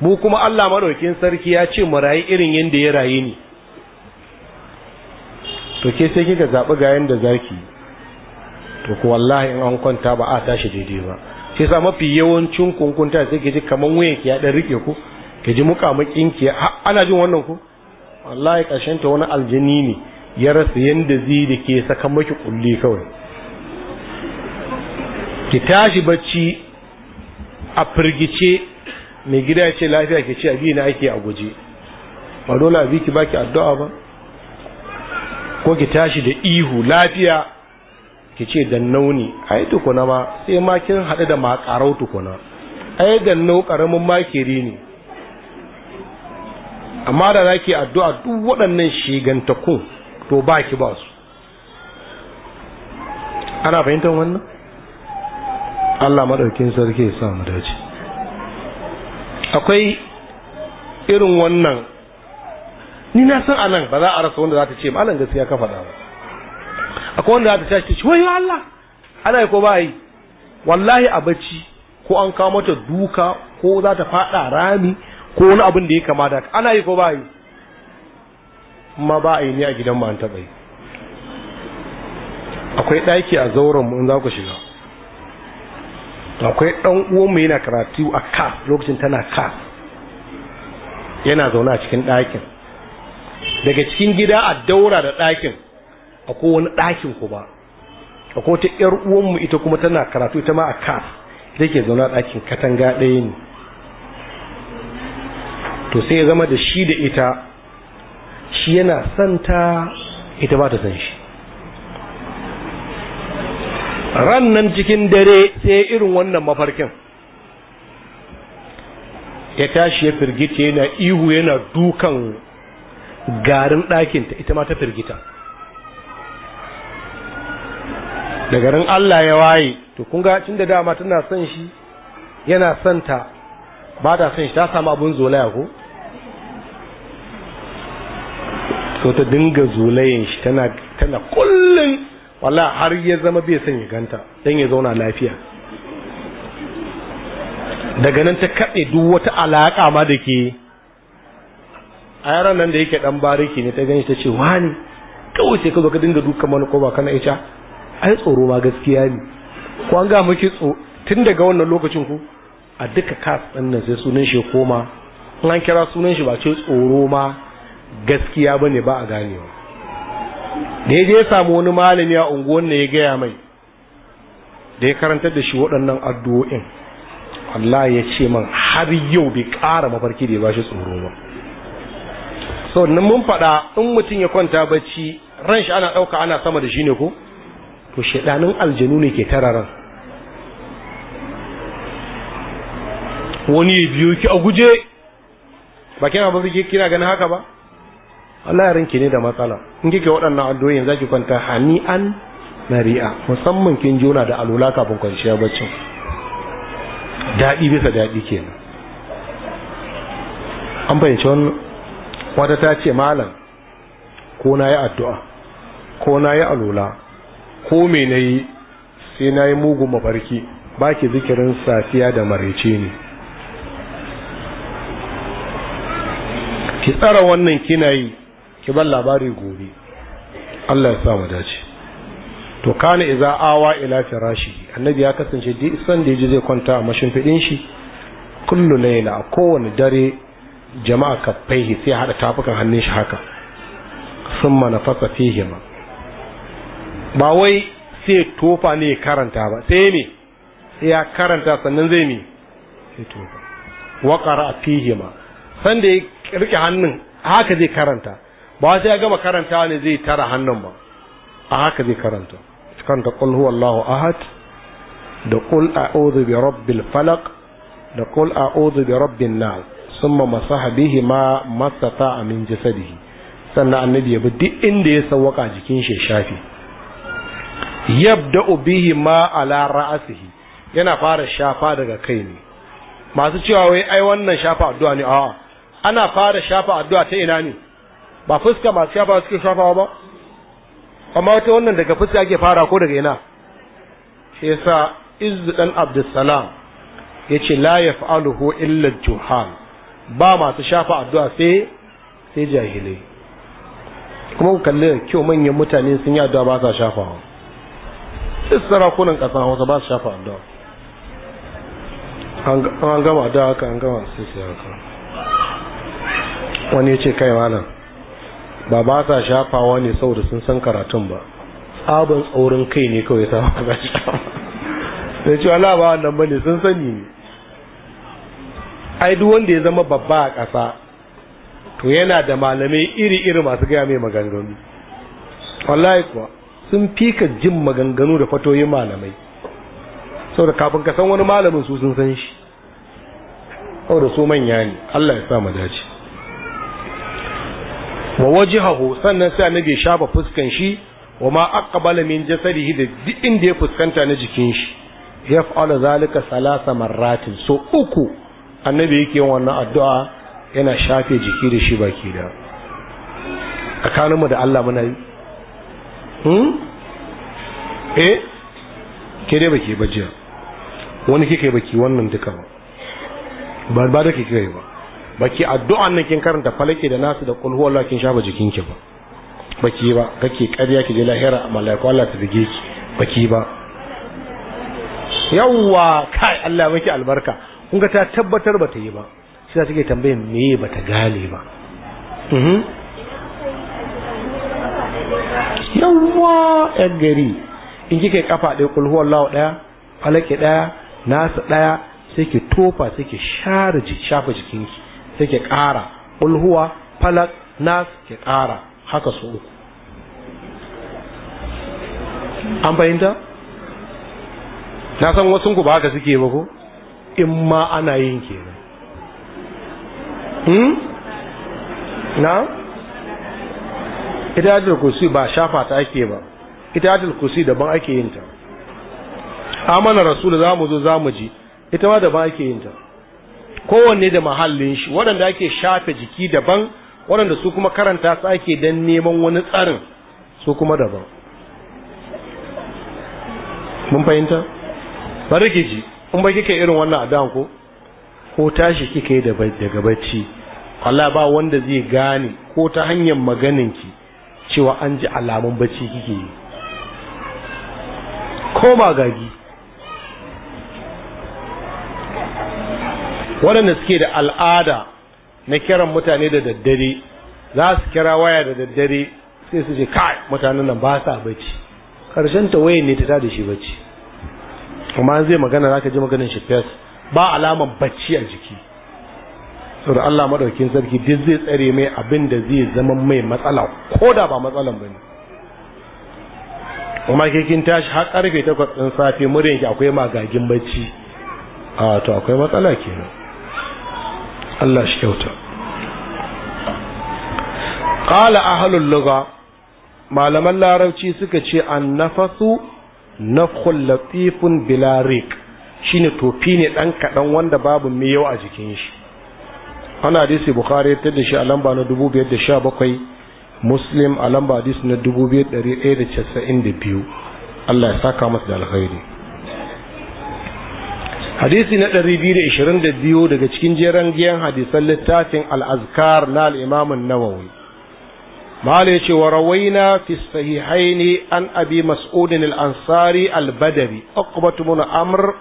mu kuma Allah madaukin sarki ya ce mu rayu irin yadda ya raye ni to ke sai kika zaɓi ga yanda zaki to ku wallahi in an kwanta ba a tashi daidai ba sai sa mafi yawancin kunkunta sai ke ji kaman wuyan ki ya ɗan rike ku ke ji mukamakin ki ana jin wannan ku wallahi ƙarshen ta wani aljini ne ya rasa yadda zai da ke saka maki kulli kawai ki tashi bacci a firgice mai gida ya ce lafiya ke ce abi na ake a guje ba dole abi ki baki addu'a ba ko ki tashi da ihu lafiya ki ce da nauni ai tukuna ma sai ma haɗu da makarau tukuna ai da nau ƙaramin makiri ne amma da ke addu'a duk waɗannan shigantakun to baki ba su ana fahimtar wannan Allah madaukin sarki ya sa mu dace akwai irin wannan ni na san anan ba za a rasa wanda za ta ce malam gaskiya ka faɗa ba akwai wanda za ta tashi ce wayo Allah ana yi ko ba yi wallahi a bacci ko an kawo mata duka ko za ta faɗa rami ko wani abin da ya kamata da ana yi ko ba yi ma ba a yi ne a gidan ma an taɓa yi akwai ɗaki a zauren mu in za ku shiga to akwai dan uwan yana karatu a ka lokacin tana ka yana zaune a cikin ɗakin daga cikin gida a daura da ɗakin akwai wani ɗakin kuma akwai wata ƴar uwan ita kuma tana karatu ita ma a ka ita ke zaune a ɗakin katanga ɗaya ne to sai ya zama da shi da ita shi yana santa ita ba ta san shi ran nan cikin dare sai irin wannan mafarkin ya tashi ya firgita yana ihu yana dukan garin ɗakinta ita ma ta firgita da garin Allah ya waye to kun ga tun da dama tana son shi yana son ta ba ta son shi ta samu abun zolaya ko to ta dinga zolayen shi tana tana kullun wala har ya zama bai son ya ganta dan ya zauna lafiya daga nan ta kaɗe duk wata alaƙa ma da ke a yaran nan da yake dan bariki ne ta gani ta ce wani kawai sai ka zo ka dinga duka mana ko ba kana ita ai tsoro ma gaskiya ne ko an ga miki tun daga wannan lokacin ku a duka kas ɗin nan sai sunan shi koma in an kira sunan shi ba ce tsoro ma gaskiya bane ba a ganewa da ya je samu wani malami a unguwar ne ya gaya mai da ya karanta da shi waɗannan addu'o'in Allah ya ce man har yau bai ƙara mafarki da ya ba tsoro ba so nan mun faɗa in mutum ya kwanta bacci ran shi ana ɗauka ana sama da shi ne ko to shaidanin aljanu ne ke tara wani ya biyo ki a guje ba kina ba kina ganin haka ba ya ranki ne da matsala in kike waɗannan addu'o'in zaki kwanta hani'an mari'a musamman kin jona da alula kafin kwanciya bacci daɗi bisa daɗi kenan an fahimci wannan wata ta ce malam ko na yi addu'a ko na yi alula ko me na yi sai na yi mugun mafarki ba ki zikirin safiya da maraice ne ki tsara wannan kina yi ki ban labari gobe Allah ya sa mu dace to kana idza awa ila firashi annabi ya kasance duk san da yaji zai kwanta a mashimfidin shi kullu layla a kowane dare jama'a kaffaihi sai hada tafukan hannun shi haka summa nafasa fihima ba wai sai tofa ne karanta ba sai me sai ya karanta sannan zai me sai tofa wa qara fihima san da ya rike hannun haka zai karanta ba sai ya gama karanta ne zai tara hannun ba a haka zai karanta karanta huwa Allahu ahad da kul a'udhu bi rabbil falaq da kul a'udhu bi rabbin nas summa masaha bihi ma masata min jasadihi sannan annabi ya bi duk inda ya sawaka jikin shi shafi yabda'u bihi ma ala ra'sihi yana fara shafa daga kai ne masu cewa wai ai wannan shafa addu'a ne a'a ana fara shafa addu'a ta ina ne ba fuska masu shafawa suke shafawa ba amma wata wannan daga fuska ake fara ko daga ina shi yasa izu dan abdussalam ce la yaf'aluhu illa juhal ba masu shafa addu'a sai sai jahilai kuma ku kalli kyau manyan mutane sun yi addu'a ba sa shafawa sai sarakunan kasa hausa ba su shafa addu'a an gama addu'a haka an gama sai sai haka wani ya ce kai malam ba ba sa shafawa ne saboda sun san karatun ba tsaban tsaurin kai ne kawai ta ba da sai ce wala ba wannan bane sun sani ne ai duk wanda ya zama babba a ƙasa to yana da malamai iri-iri masu gaya mai maganganu wallahi kuwa sun fika jin maganganu da fatoyin malamai saboda kafin ka san wani malamin su sun san shi saboda su manya ne Allah ya sa mu dace wa wajhahu sannan sai annabi ya shafa fuskan shi wa ma aqbala min jasadihi da duk inda ya fuskanta na jikin shi yaf'alu zalika salasa marratin so uku annabi yake yin wannan addu'a yana shafe jiki da shi baki da tsakanin mu da Allah muna yi hmm eh ke dai baki bajiya wani kike baki wannan duka ba ba da kike ba baki addu'an nan kin karanta falake da nasu da kul huwa Allah kin shafa ki ba baki ba kake ƙarya ki je lahira malaiku Allah ta bige ki baki ba yawwa kai Allah miki albarka kun ga ta tabbatar ba ta yi ba sai ta take tambayin me ba ta gane ba mhm. yawwa yan gari in kika kafa ɗaya kul huwa Allah ɗaya falake ɗaya nasu ɗaya sai ki tofa sai ki share shafa ki. sai ke ƙara ulhuwa falak nas ke ƙara haka su uku an fahimta na san wasu ku ba haka suke ba ko in ma ana yin kenan hmm? na ita ajiyar kursi ba shafa ta ake ba ita ajiyar kursi daban ake yin ta amana rasu za mu zo za mu ji ita ma daban ake yin ta kowanne da mahallin shi waɗanda ake shafe jiki daban waɗanda su kuma karanta su ake don neman wani tsarin su kuma daban mun fahimta bari in ba kika irin wannan adan ko ko tashi kika yi daga bacci Allah ba wanda zai gane ko ta hanyar maganinki cewa an ji alamun bacci kike yi ko magagi waɗanda suke da al'ada na kiran mutane da daddare za su kira waya da daddare sai su ce kai mutanen nan ba sa bacci karshen ta wayan ne ta tada shi bacci amma zai magana za ka ji maganin shi fes ba alaman bacci a jiki da Allah maɗaukin sarki duk zai tsare mai abin da zai zama mai matsala ko da ba matsalan ne? kuma ke kin tashi har karfe takwas ɗin safe muryan akwai magagin bacci a to akwai matsala kenan Allah shi kyauta qala ahlul luga malaman larabci suka ce nafasu na latifun bilarik shi shine tofi ne ɗan kaɗan wanda babu miyau a jikin shi ana hadisi bukhari ta da shi a lamba na 2017 muslim a lamba hadisi na biyu. Allah ya saka masu da alkhairi hadisi na 222 daga cikin jeren giyan hadisan littafin al-azkar na al-imam an-nawawi mala yace wa rawaina fi sahihaini an abi mas'ud al-ansari al-badri uqbat ibn amr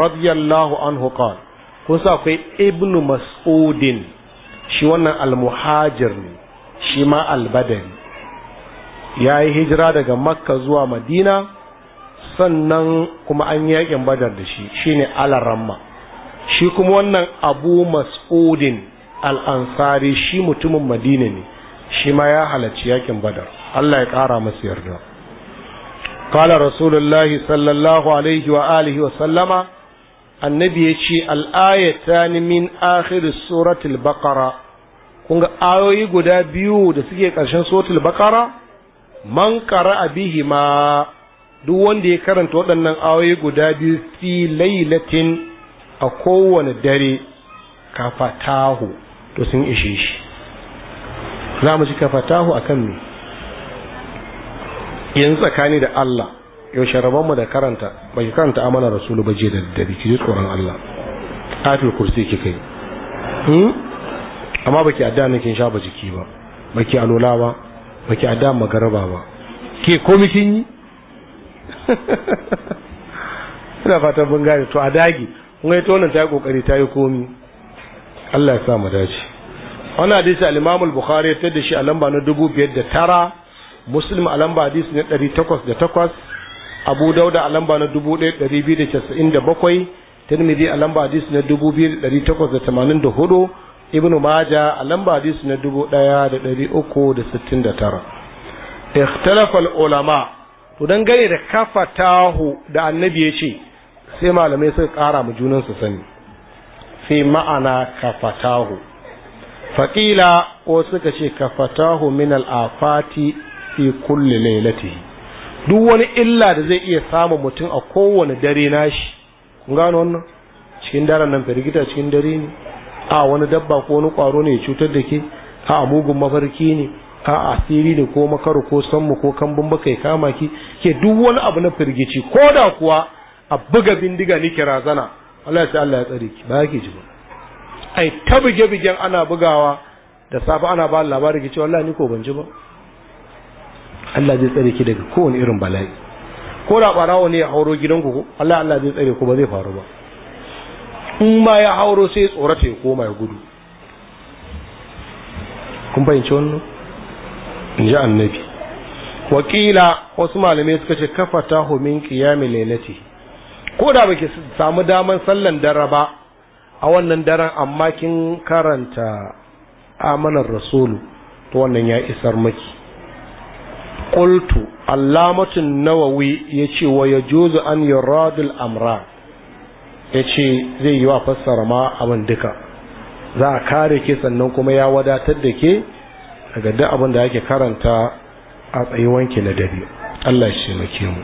radiyallahu anhu hukar. kun sa akwai ibn Mas'udin, shi wannan al-muhajir ne shi ma al-badri yayi hijira daga makka zuwa madina sannan kuma an yakin badar da shi shine alaramma shi kuma wannan abu mas'udin al'ansari shi mutumin madina ne shi ma ya halarci yakin badar allah ya kara masu yarda kala rasulullahi sallallahu alaihi wa alihi wa sallama annabi ya ce al'ayatan min akhir suratul bakara kun ga ayoyi guda biyu da suke ƙarshen suratul bakara, man qara'a ma. duk wanda ya karanta waɗannan ayoyi guda biyu fi lailatin a kowane dare kafatahu to sun ishe shi za mu ci kafatahu akan mai yin tsakani da Allah yau sharaban mu da karanta ba ki karanta amana rasulu ba je da dare ki ji tsoron Allah ayatul kursi ki kai hmm? Amma ba ki adda ne kin sha ba jiki ba Ba ki alola ba ki adda magaraba ba ke komai yi [LAUGHS] ina fatan mun gane to a dage kun ga ita wannan ta yi kokari ta yi komi Allah ya sa mu dace wannan hadisi al-Imam al-Bukhari ya tada shi a lamba na tara. Muslim a lamba hadisi na 808 Abu Dauda a lamba na 1297 Tirmidhi a lamba hadisi na 2884 Ibn Majah a lamba hadisi na 1369 اختلف Ulama. to don gane da kafa da annabi ya ce sai malamai suka mu ma junansu sani fi ma'ana kafa taho faƙila ko suka ce kafa taho min al'afati fi kulli laylatihi duk wani illa da zai iya samun mutum a kowane dare nashi kun gano wannan cikin daren nan firgita cikin dare ne a wani dabba ko wani kwaro ne ya cutar da ke a mugun mafarki ne a asiri da ko makaru ko sanmu ko kambun baka kai kama ki ke duk wani abu na firgici ko da kuwa a buga bindiga ni kira zana Allah ya Allah ya tsare ki ba yake ji ba ai ta buge bigen ana bugawa da safe ana ba labari ki ce wallahi ni ko ban ji ba Allah zai tsare ki daga kowane irin bala'i ko da barawo ne ya hauro gidanku ko Allah Allah zai tsare ku ba zai faru ba in ma ya hauro sai tsorata ya koma ya gudu kun fahimci wannan in ji annabi wakila wasu malamai suka ce kafa ta min kiyami lailati ko da baki samu daman sallan dare ba a wannan daren amma kin karanta amanar rasulu to wannan ya isar maki qultu allamatun nawawi yace wa yajuzu an yuradul amra yace zai yi wa fassara ma abin duka za a kare ke sannan kuma ya wadatar da ke daga duk abin da ake karanta a tsayuwanki na dare Allah shi maki mu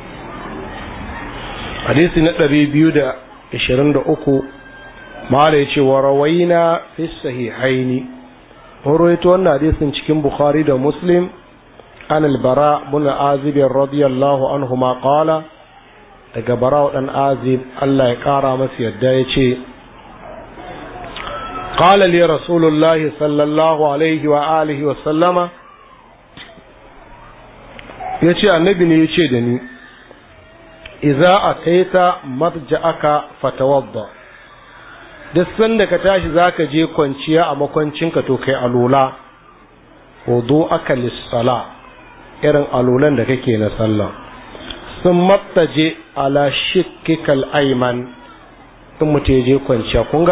hadisi na 223 mala ce wa rawaina fi sahihaini rawaito wannan hadisin cikin bukhari da muslim an bara bin azib radiyallahu anhu ma qala daga bara dan azib Allah ya kara masa yadda yace قال ya رسول الله صلى الله عليه وآله وسلم يتي النبي يتي دني إذا أتيت مرجعك فتوضأ duk sanda ka tashi za ka je kwanciya a makwancinka to kai alula wudu aka lissala irin alulan da kake na sallah sun mattaje ala shikkikal aiman in mutum ya je kwanciya kun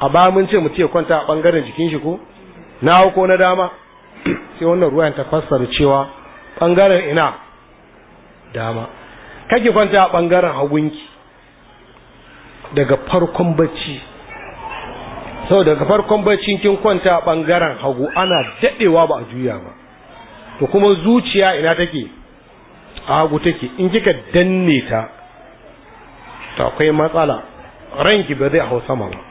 a ba mun ce mu ya kwanta a ɓangaren jikin shi ko na ko na dama [CLEARS THROAT] sai wannan ruwan ta fassara cewa ɓangaren ina dama kake kwanta a ɓangaren hagunki daga farkon bacci sau daga farkon bacci kin kwanta a bangaren hagu ana daɗewa ba a juya ba to kuma zuciya ina take a hagu take in kika danne ta to akwai matsala ranki ba zai hau sama ba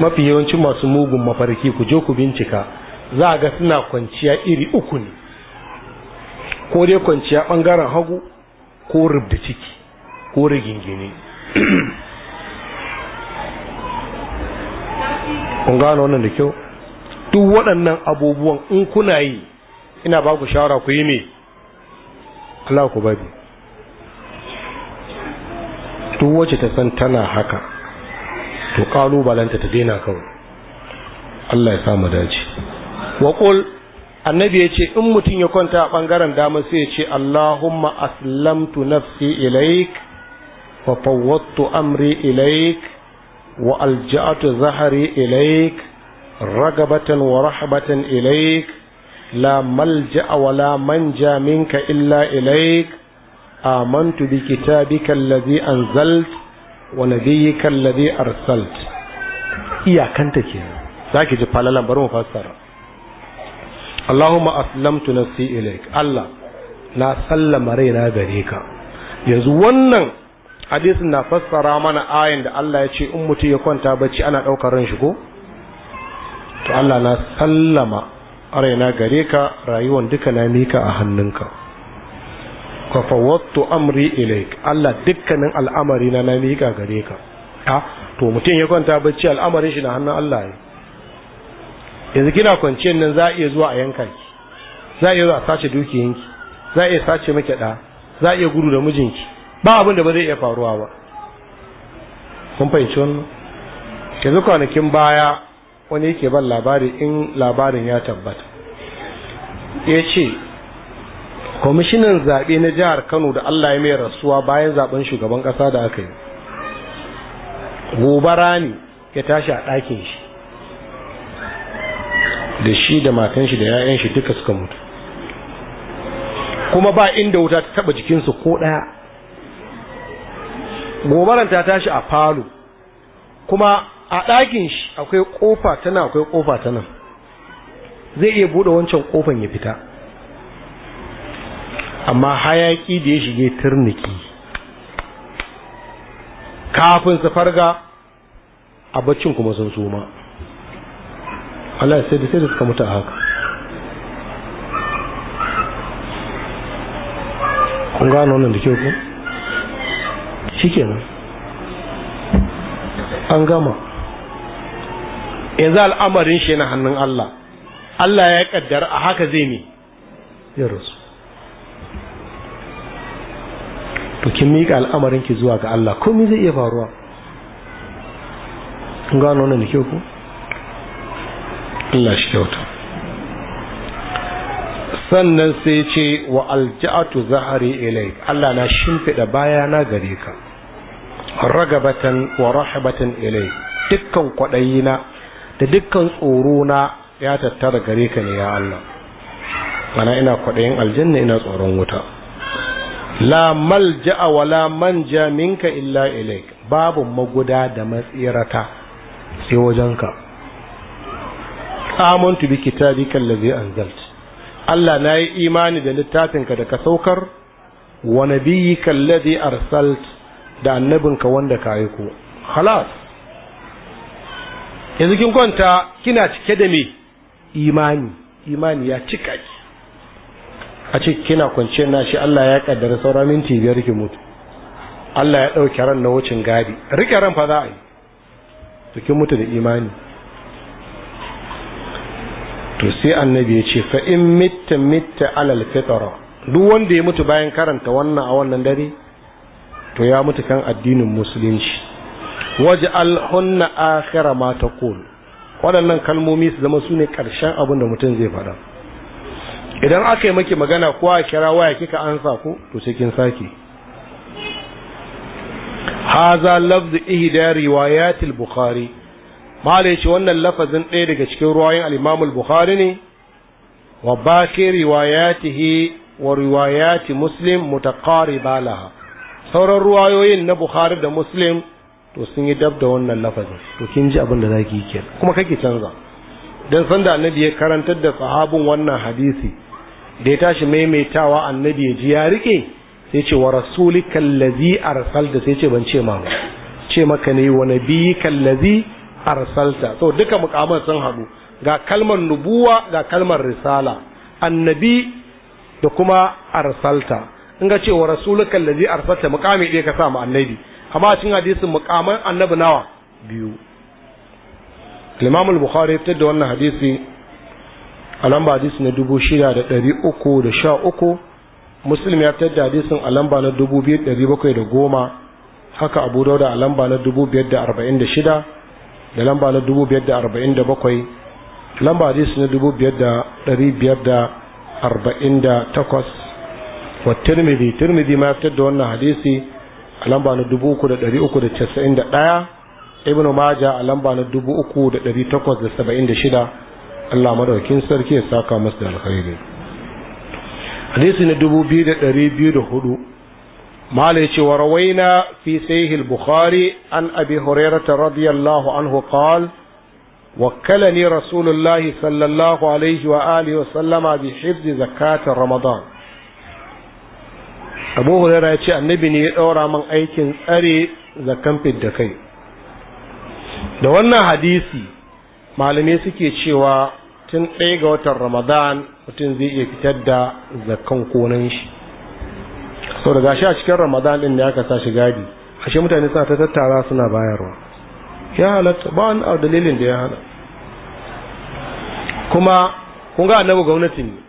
mafi yawanci masu mugun mafarki ku je ku bincika za ga suna kwanciya iri uku ne ko dai kwanciya bangaren hagu ko rubda ciki ko rigingine [CLEARS THROAT] kun gano wannan da kyau duk waɗannan abubuwan in kuna yi ina ba ku shawara ku yi me Allah ku bari duk wacce ta san tana haka to kalubalanta ta daina kawai Allah ya samu dace wa annabi ya ce in mutum ya kwanta a ɓangaren damar sai ya ce Allahumma aslamtu nafsi ilaik wa amri ilaik wa alja'atu zahari ilaik ragabatan wa rahbatan ilaik la malja'a wa la manja minka illa ilaik amantu bi kitabika allazi anzalta wa nabiyyika alladhi arsalt iyakanta kenan zaki ji falalan bari mu fassara Allahumma aslamtu nafsi ilaik Allah na sallama raina gare ka yanzu wannan hadisin na fassara mana ayin da Allah ya ce in mutum ya kwanta bacci ana ɗaukar ran shi ko to Allah na sallama raina gare ka rayuwan duka na mika a hannunka fa fawattu amri ilaik Allah dukkanin al'amari na na miƙa gare ka ha to mutum ya kwanta bacci al'amarin shi na hannun Allah ne yanzu kina kwanciyar nan za a iya zuwa a yanka ki za a iya zuwa a sace ki za a iya sace miki da za a iya gudu da mijinki ba abin da ba zai iya faruwa ba kun fahimci wannan yanzu kwanakin baya wani yake ban labari in labarin ya tabbata ya ce kwamishinan zaɓe na jihar kano da allah ya mai rasuwa bayan zaben shugaban ƙasa da aka yi gobara ne ya tashi a ɗakin shi da shi da matan shi da 'ya'yan shi duka suka mutu kuma ba inda wuta ta taɓa jikinsu ko ɗaya gobaran ta tashi a falo kuma a ɗakin shi akwai ƙofa tana akwai ƙofa tana zai iya buɗe wancan ƙofan ya fita amma hayaki da ya shige turniki kafin su farga a baccin kuma sun suma Allah sai da sai da suka mutu a haka kun gano wannan da kyau ku shikenan an gama yanzu al'amarin shi na hannun Allah Allah ya kaddara a haka zai ne ya rasu to kin miƙa al'amarin ki zuwa ga Allah komai zai iya faruwa kun gano wannan da kyau ko Allah shi kyauta sannan sai ce wa alja'atu zahari ilaik Allah na baya na gare ka ragabatan wa rahabatan ilaik dukkan na da dukkan tsoro na ya tattara gare ka ne ya Allah ana ina kwaɗayin aljanna ina tsoron wuta la ja'a wa la manja minka illa ilaik babu maguda da matsirata sai wajenka amuntu bi kitabika allazi anzalt Allah nayi imani da littafinka da ka saukar wa nabiyyika allazi arsalt da annabinka wanda ka aiko khalas yanzu kin kwanta kina cike da me imani imani ya cika ki a ce kina kwanciyar na shi Allah ya kaddara sauran minti biyar ki mutu Allah ya ɗauki ran na wucin gadi rike ran fa za a yi to mutu da imani to sai annabi ya ce fa in mitta mitta alal fitra duk wanda ya mutu bayan karanta wannan a wannan dare to ya mutu kan addinin musulunci waje alhunna akhira ma taqul waɗannan kalmomi su zama su ne ƙarshen abin da mutum zai faɗa idan aka yi maki magana ko a kira waya kika ansa ku to sai kin sake haza lafzu ihda riwayat al-bukhari malai ce wannan lafazin ɗaya daga cikin ruwayin al-imam al-bukhari ne wa baki riwayatihi wa riwayat muslim mutaqariba laha sauran ruwayoyin na bukhari da muslim to sun yi dab da wannan lafazin to kin ji abin da zaki yi kenan kuma kake canza don sanda annabi ya karantar da sahabin wannan hadisi da ya tashi maimaitawa annabi ya ji ya rike sai ce wa rasulikal ladzi arsalta sai ce ban ce ma ce maka ne wa nabiyikal ladzi arsalta to duka mukaman sun hadu ga kalmar nubuwa ga kalmar risala annabi da kuma arsalta in ga ce wa rasulikal ladzi arsalta mukami ɗaya ka sa mu annabi amma cin cikin hadisin mukaman annabi nawa biyu Limamul imam al-bukhari da wannan hadisi a lamba hadisi na 6313 muslim ya da hadisin a lamba na 2710 haka abu dauda a lamba na 2546 da lamba na 2547 lamba hadisi na 5548 wa tirmidhi tirmidhi ma ya da wannan hadisi a lamba na 3391 ibn maja a lamba na dubu uku da ɗari takwas da saba'in da shida allah madaukin sarki ya saka masu da alkhairi hadisi na dubu biyu da ɗari biyu da hudu malai ce wa rawaina fi sahih bukhari an abi hurairata radiyallahu anhu qal وكلني رسول الله صلى الله عليه وآله وسلم بحفظ زكاة رمضان أبو هريرة يقول النبي ني دورا من أيكن أري زكاة الدكي da wannan hadisi malamai suke cewa tun ɗaya ga watan ramadan mutum zai iya fitar da zakan konan shi sau da gashi a cikin ramadan ɗin da aka sashi gadi gadi ashe mutane suna ta tattara suna bayarwa ya halatta ba wani dalilin da ya hana kuma kun ga annabi gwamnatin ne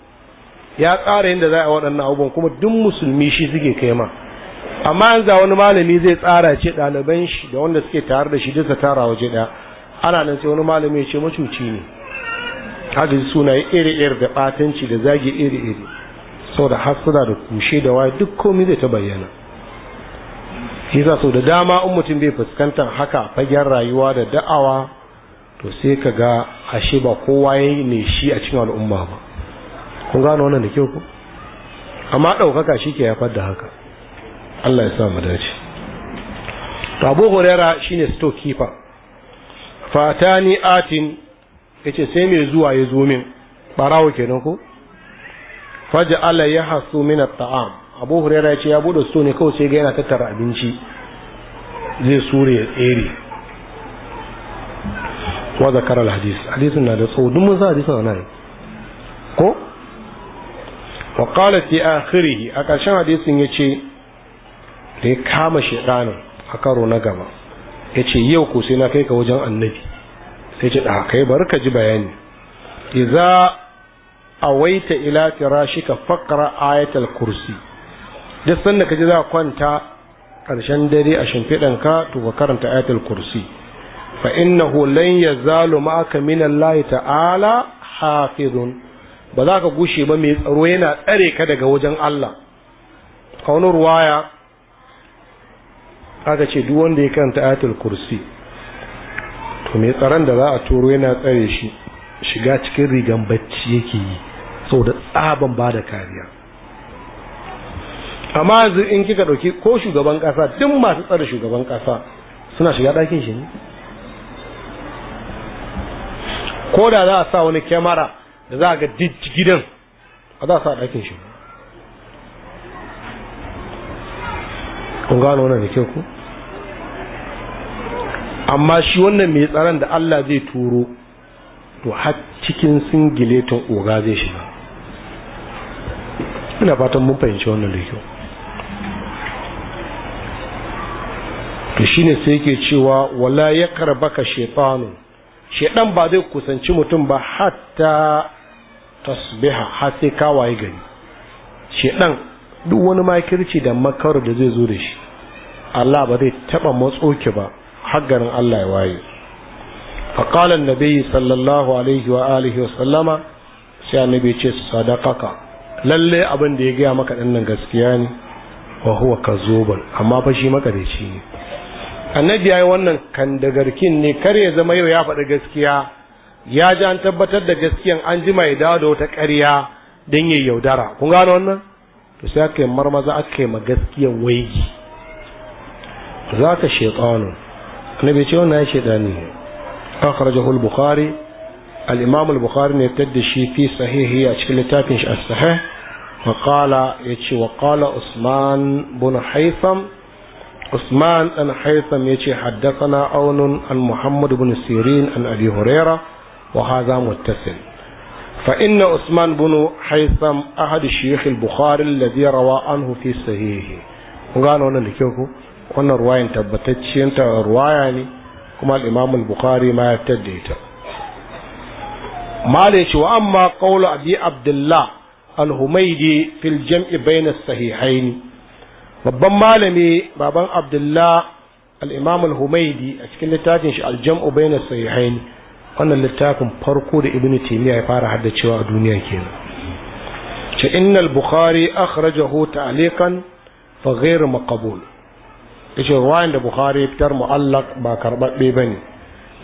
ya ƙara yin da za a waɗannan abubuwan kuma duk musulmi shi suke kai ma amma an za wani malami zai tsara ce ɗaliban shi da wanda suke tare da shi duka tara waje ɗaya ana nan sai wani malami ya ce macuci ne haka suna iri-iri da ɓatanci da zagi iri-iri sau da hasada da kushe da waye duk komai zai ta bayyana yasa sau da dama in mutum bai fuskantar haka fagen rayuwa da da'awa to sai ka ga ashe ba kowa ya ne shi a cikin al'umma ba kun gano wannan da kyau ku amma ɗaukaka shi ke haifar da haka Allah ya sa mu dace to Abu Huraira shine keeper fatani atin yace sai mai zuwa ya zo min barawo kenan ko ya hasu min at-ta'am Abu Huraira yace ya bude store ne kawai sai ga yana tattara abinci zai sure ya tsere wa zakara al-hadis hadisin na da tsawo duk mun san hadisin nan. ko wa qala fi akhirih a ƙarshen hadisin yace da ya kama shedanin a karo na gaba ya ce yau ko sai na kai ka wajen annabi sai ce da kai bari ka ji bayani a awaita ila shi ka fakara ayatul kursi duk sanda ka ji za kwanta ƙarshen dare a shimfiɗan ka to ka karanta ayatul kursi fa innahu lan yazalu ma'aka min Allah ta'ala hafizun ba za ka gushe ba mai tsaro yana tsare ka daga wajen Allah a wani aka ce duk wanda ya kanta ayatul kursi to mai tsaron da za a turo yana tsare shi shiga cikin rigan bacci yake yi saboda tsaban ba da kariya amma yanzu in kika ɗauki ko shugaban kasa duk masu tsare shugaban kasa suna shiga ɗakin shi ne ko da za a sa wani kyamara da za a ga gidan a za a sa ɗakin shi ne kun gano wannan da kyau ku amma shi wannan mai tsaron da Allah zai turo to har cikin singiletin oga zai shiga ina fatan mun fahimci wannan da kyau to shine sai yake cewa wala ya karbaka shaitanu shaitan ba zai kusanci mutum ba hatta tasbiha har sai kawaye gari shaitan duk wani makirci da makar da zai zo da shi Allah ba zai taba matsoki ba har garin Allah ya waye annabi sallallahu alaihi wa alihi wa sallama sai annabi ce sadaqaka lalle abin da ya gaya maka dinnan nan gaskiya ne wa huwa kazuban amma fa shi makareci ne annabi yayi wannan kandagarkin ne kar ya zama yau ya faɗi gaskiya ya ji an tabbatar da gaskiyan an jima ya dawo da wata ƙarya don ya yaudara kun gano wannan to sai aka yi marmaza aka ma gaskiyan waigi za ka shaitanu annabi ce wannan ya shaitani ne akhrajahu al-bukhari al bukhari ne tadda shi fi sahihi a cikin littafin shi a sahih wa qala yace usman bin Haifam. usman dan ce yace na aunun an muhammad bin sirin an abi hurairah wa hadha muttasil فإن عثمان بن حيثم أحد الشيخ البخاري الذي روى عنه في صحيحه وقالوا أنا لكيكو وأنا رواية تبتتشي أنت رواية يعني كما الإمام البخاري ما يبتديت ما ليش وأما قول أبي عبد الله الهميدي في الجمع بين الصحيحين babban malami baban abdullah al-imam al-humaidi a cikin littafin shi al-jam'u bayna sahihain wannan littafin farko da ibnu taymiya ya fara haddacewa a duniya kenan ce innal bukhari akhrajahu ta'liqan fa ghayr maqbul yace wayan da bukhari fitar mu'allaq ba karbabbe bane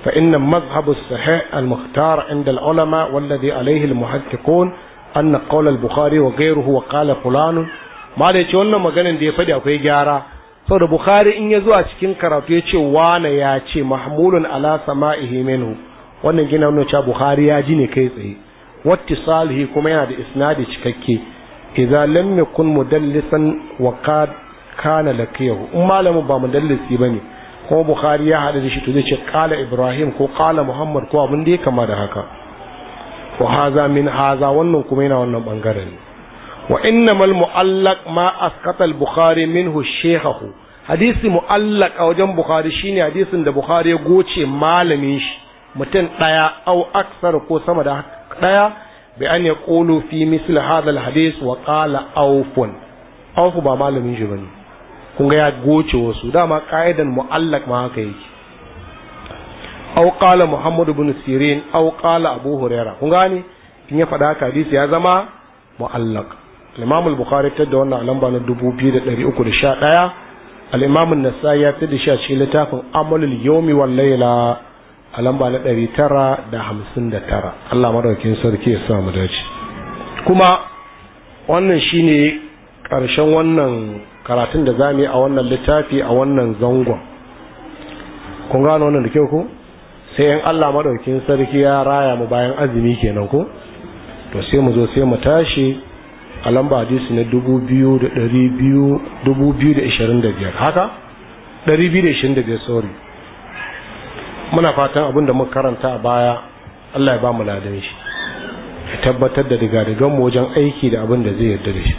fa inna mazhabu sahih al-mukhtar inda al-ulama walladhi alayhi al-muhaddiqun anna qawl al-bukhari wa ghayruhu wa qala fulan ma da yace wannan maganan da ya fadi akwai gyara saboda bukhari in ya zuwa cikin karatu yace wana ya ce mahmulun ala sama'ihi minhu wannan gina nuna cewa Buhari ya ji ne kai tsaye salihi kuma yana da isnadi cikakke idza lam yakun mudallisan wa qad kana lakiyahu in malamin ba mu mudallisi ne. ko Buhari ya hada da shi to zai ce qala ibrahim ko qala muhammad ko abin da ya kama da haka wa haza min haza wannan kuma yana wannan bangaren wa innamal mu'allaq ma asqata al-bukhari minhu shaykhahu hadisi mu'allaq a wajen bukhari shine hadisin da bukhari ya goce malamin shi mutum ɗaya au aksar ko sama da ɗaya bi an ya ƙolo fi misil hadal hadis wa ƙala aufun aufu ba malamin shi bane kun ga ya goce wasu dama ƙa'idan mu'allak ma haka yake au ƙala muhammadu bin sirin au ƙala abu huraira kun gane in ya faɗa haka hadis ya zama mu'allak al-imam al-bukhari tadda wannan lamba na 2311 al-imam an-nasai ya da shi a cikin littafin amalul yawmi wal layla a lamba na ɗari tara da hamsin da tara allah maɗaukin sarki ya sa dace kuma wannan shi ne ƙarshen wannan karatun da mu yi a wannan littafi a wannan zangon kun gano wannan da kyau ko sai yan allah maɗaukin sarki ya raya mu bayan azumi kenan ko to sai mu zo sai mu tashi a lamba hadisi na dubu biyu da ɗari biyu dubu biyu da ishirin da biyar haka ɗari biyu da ishirin da biyar sorry muna fatan abin da muka karanta a baya Allah ya ba mu ladan shi ya tabbatar da digadigan mu wajen aiki da abin da zai yarda da shi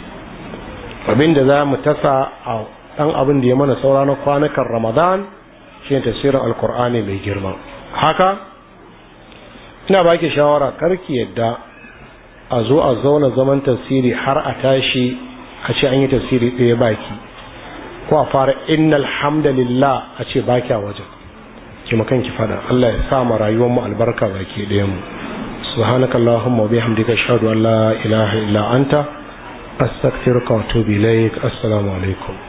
abin da za mu tasa a dan abin da ya mana saura na kwanakan Ramadan shi shine tafsirin Alkur'ani mai girma haka ina baki shawara karki yadda a zo a zauna zaman tasiri har a tashi a ce an yi tafsiri ɗaya baki ko a fara innal hamdalillah a ce baki a wajen ki ki fada Allah ya sa ma rayuwar mu albarka baki ɗayan mu subhanaka allahumma wa bihamdika ashhadu an la ilaha illa anta astaghfiruka wa atubu ilaik assalamu alaikum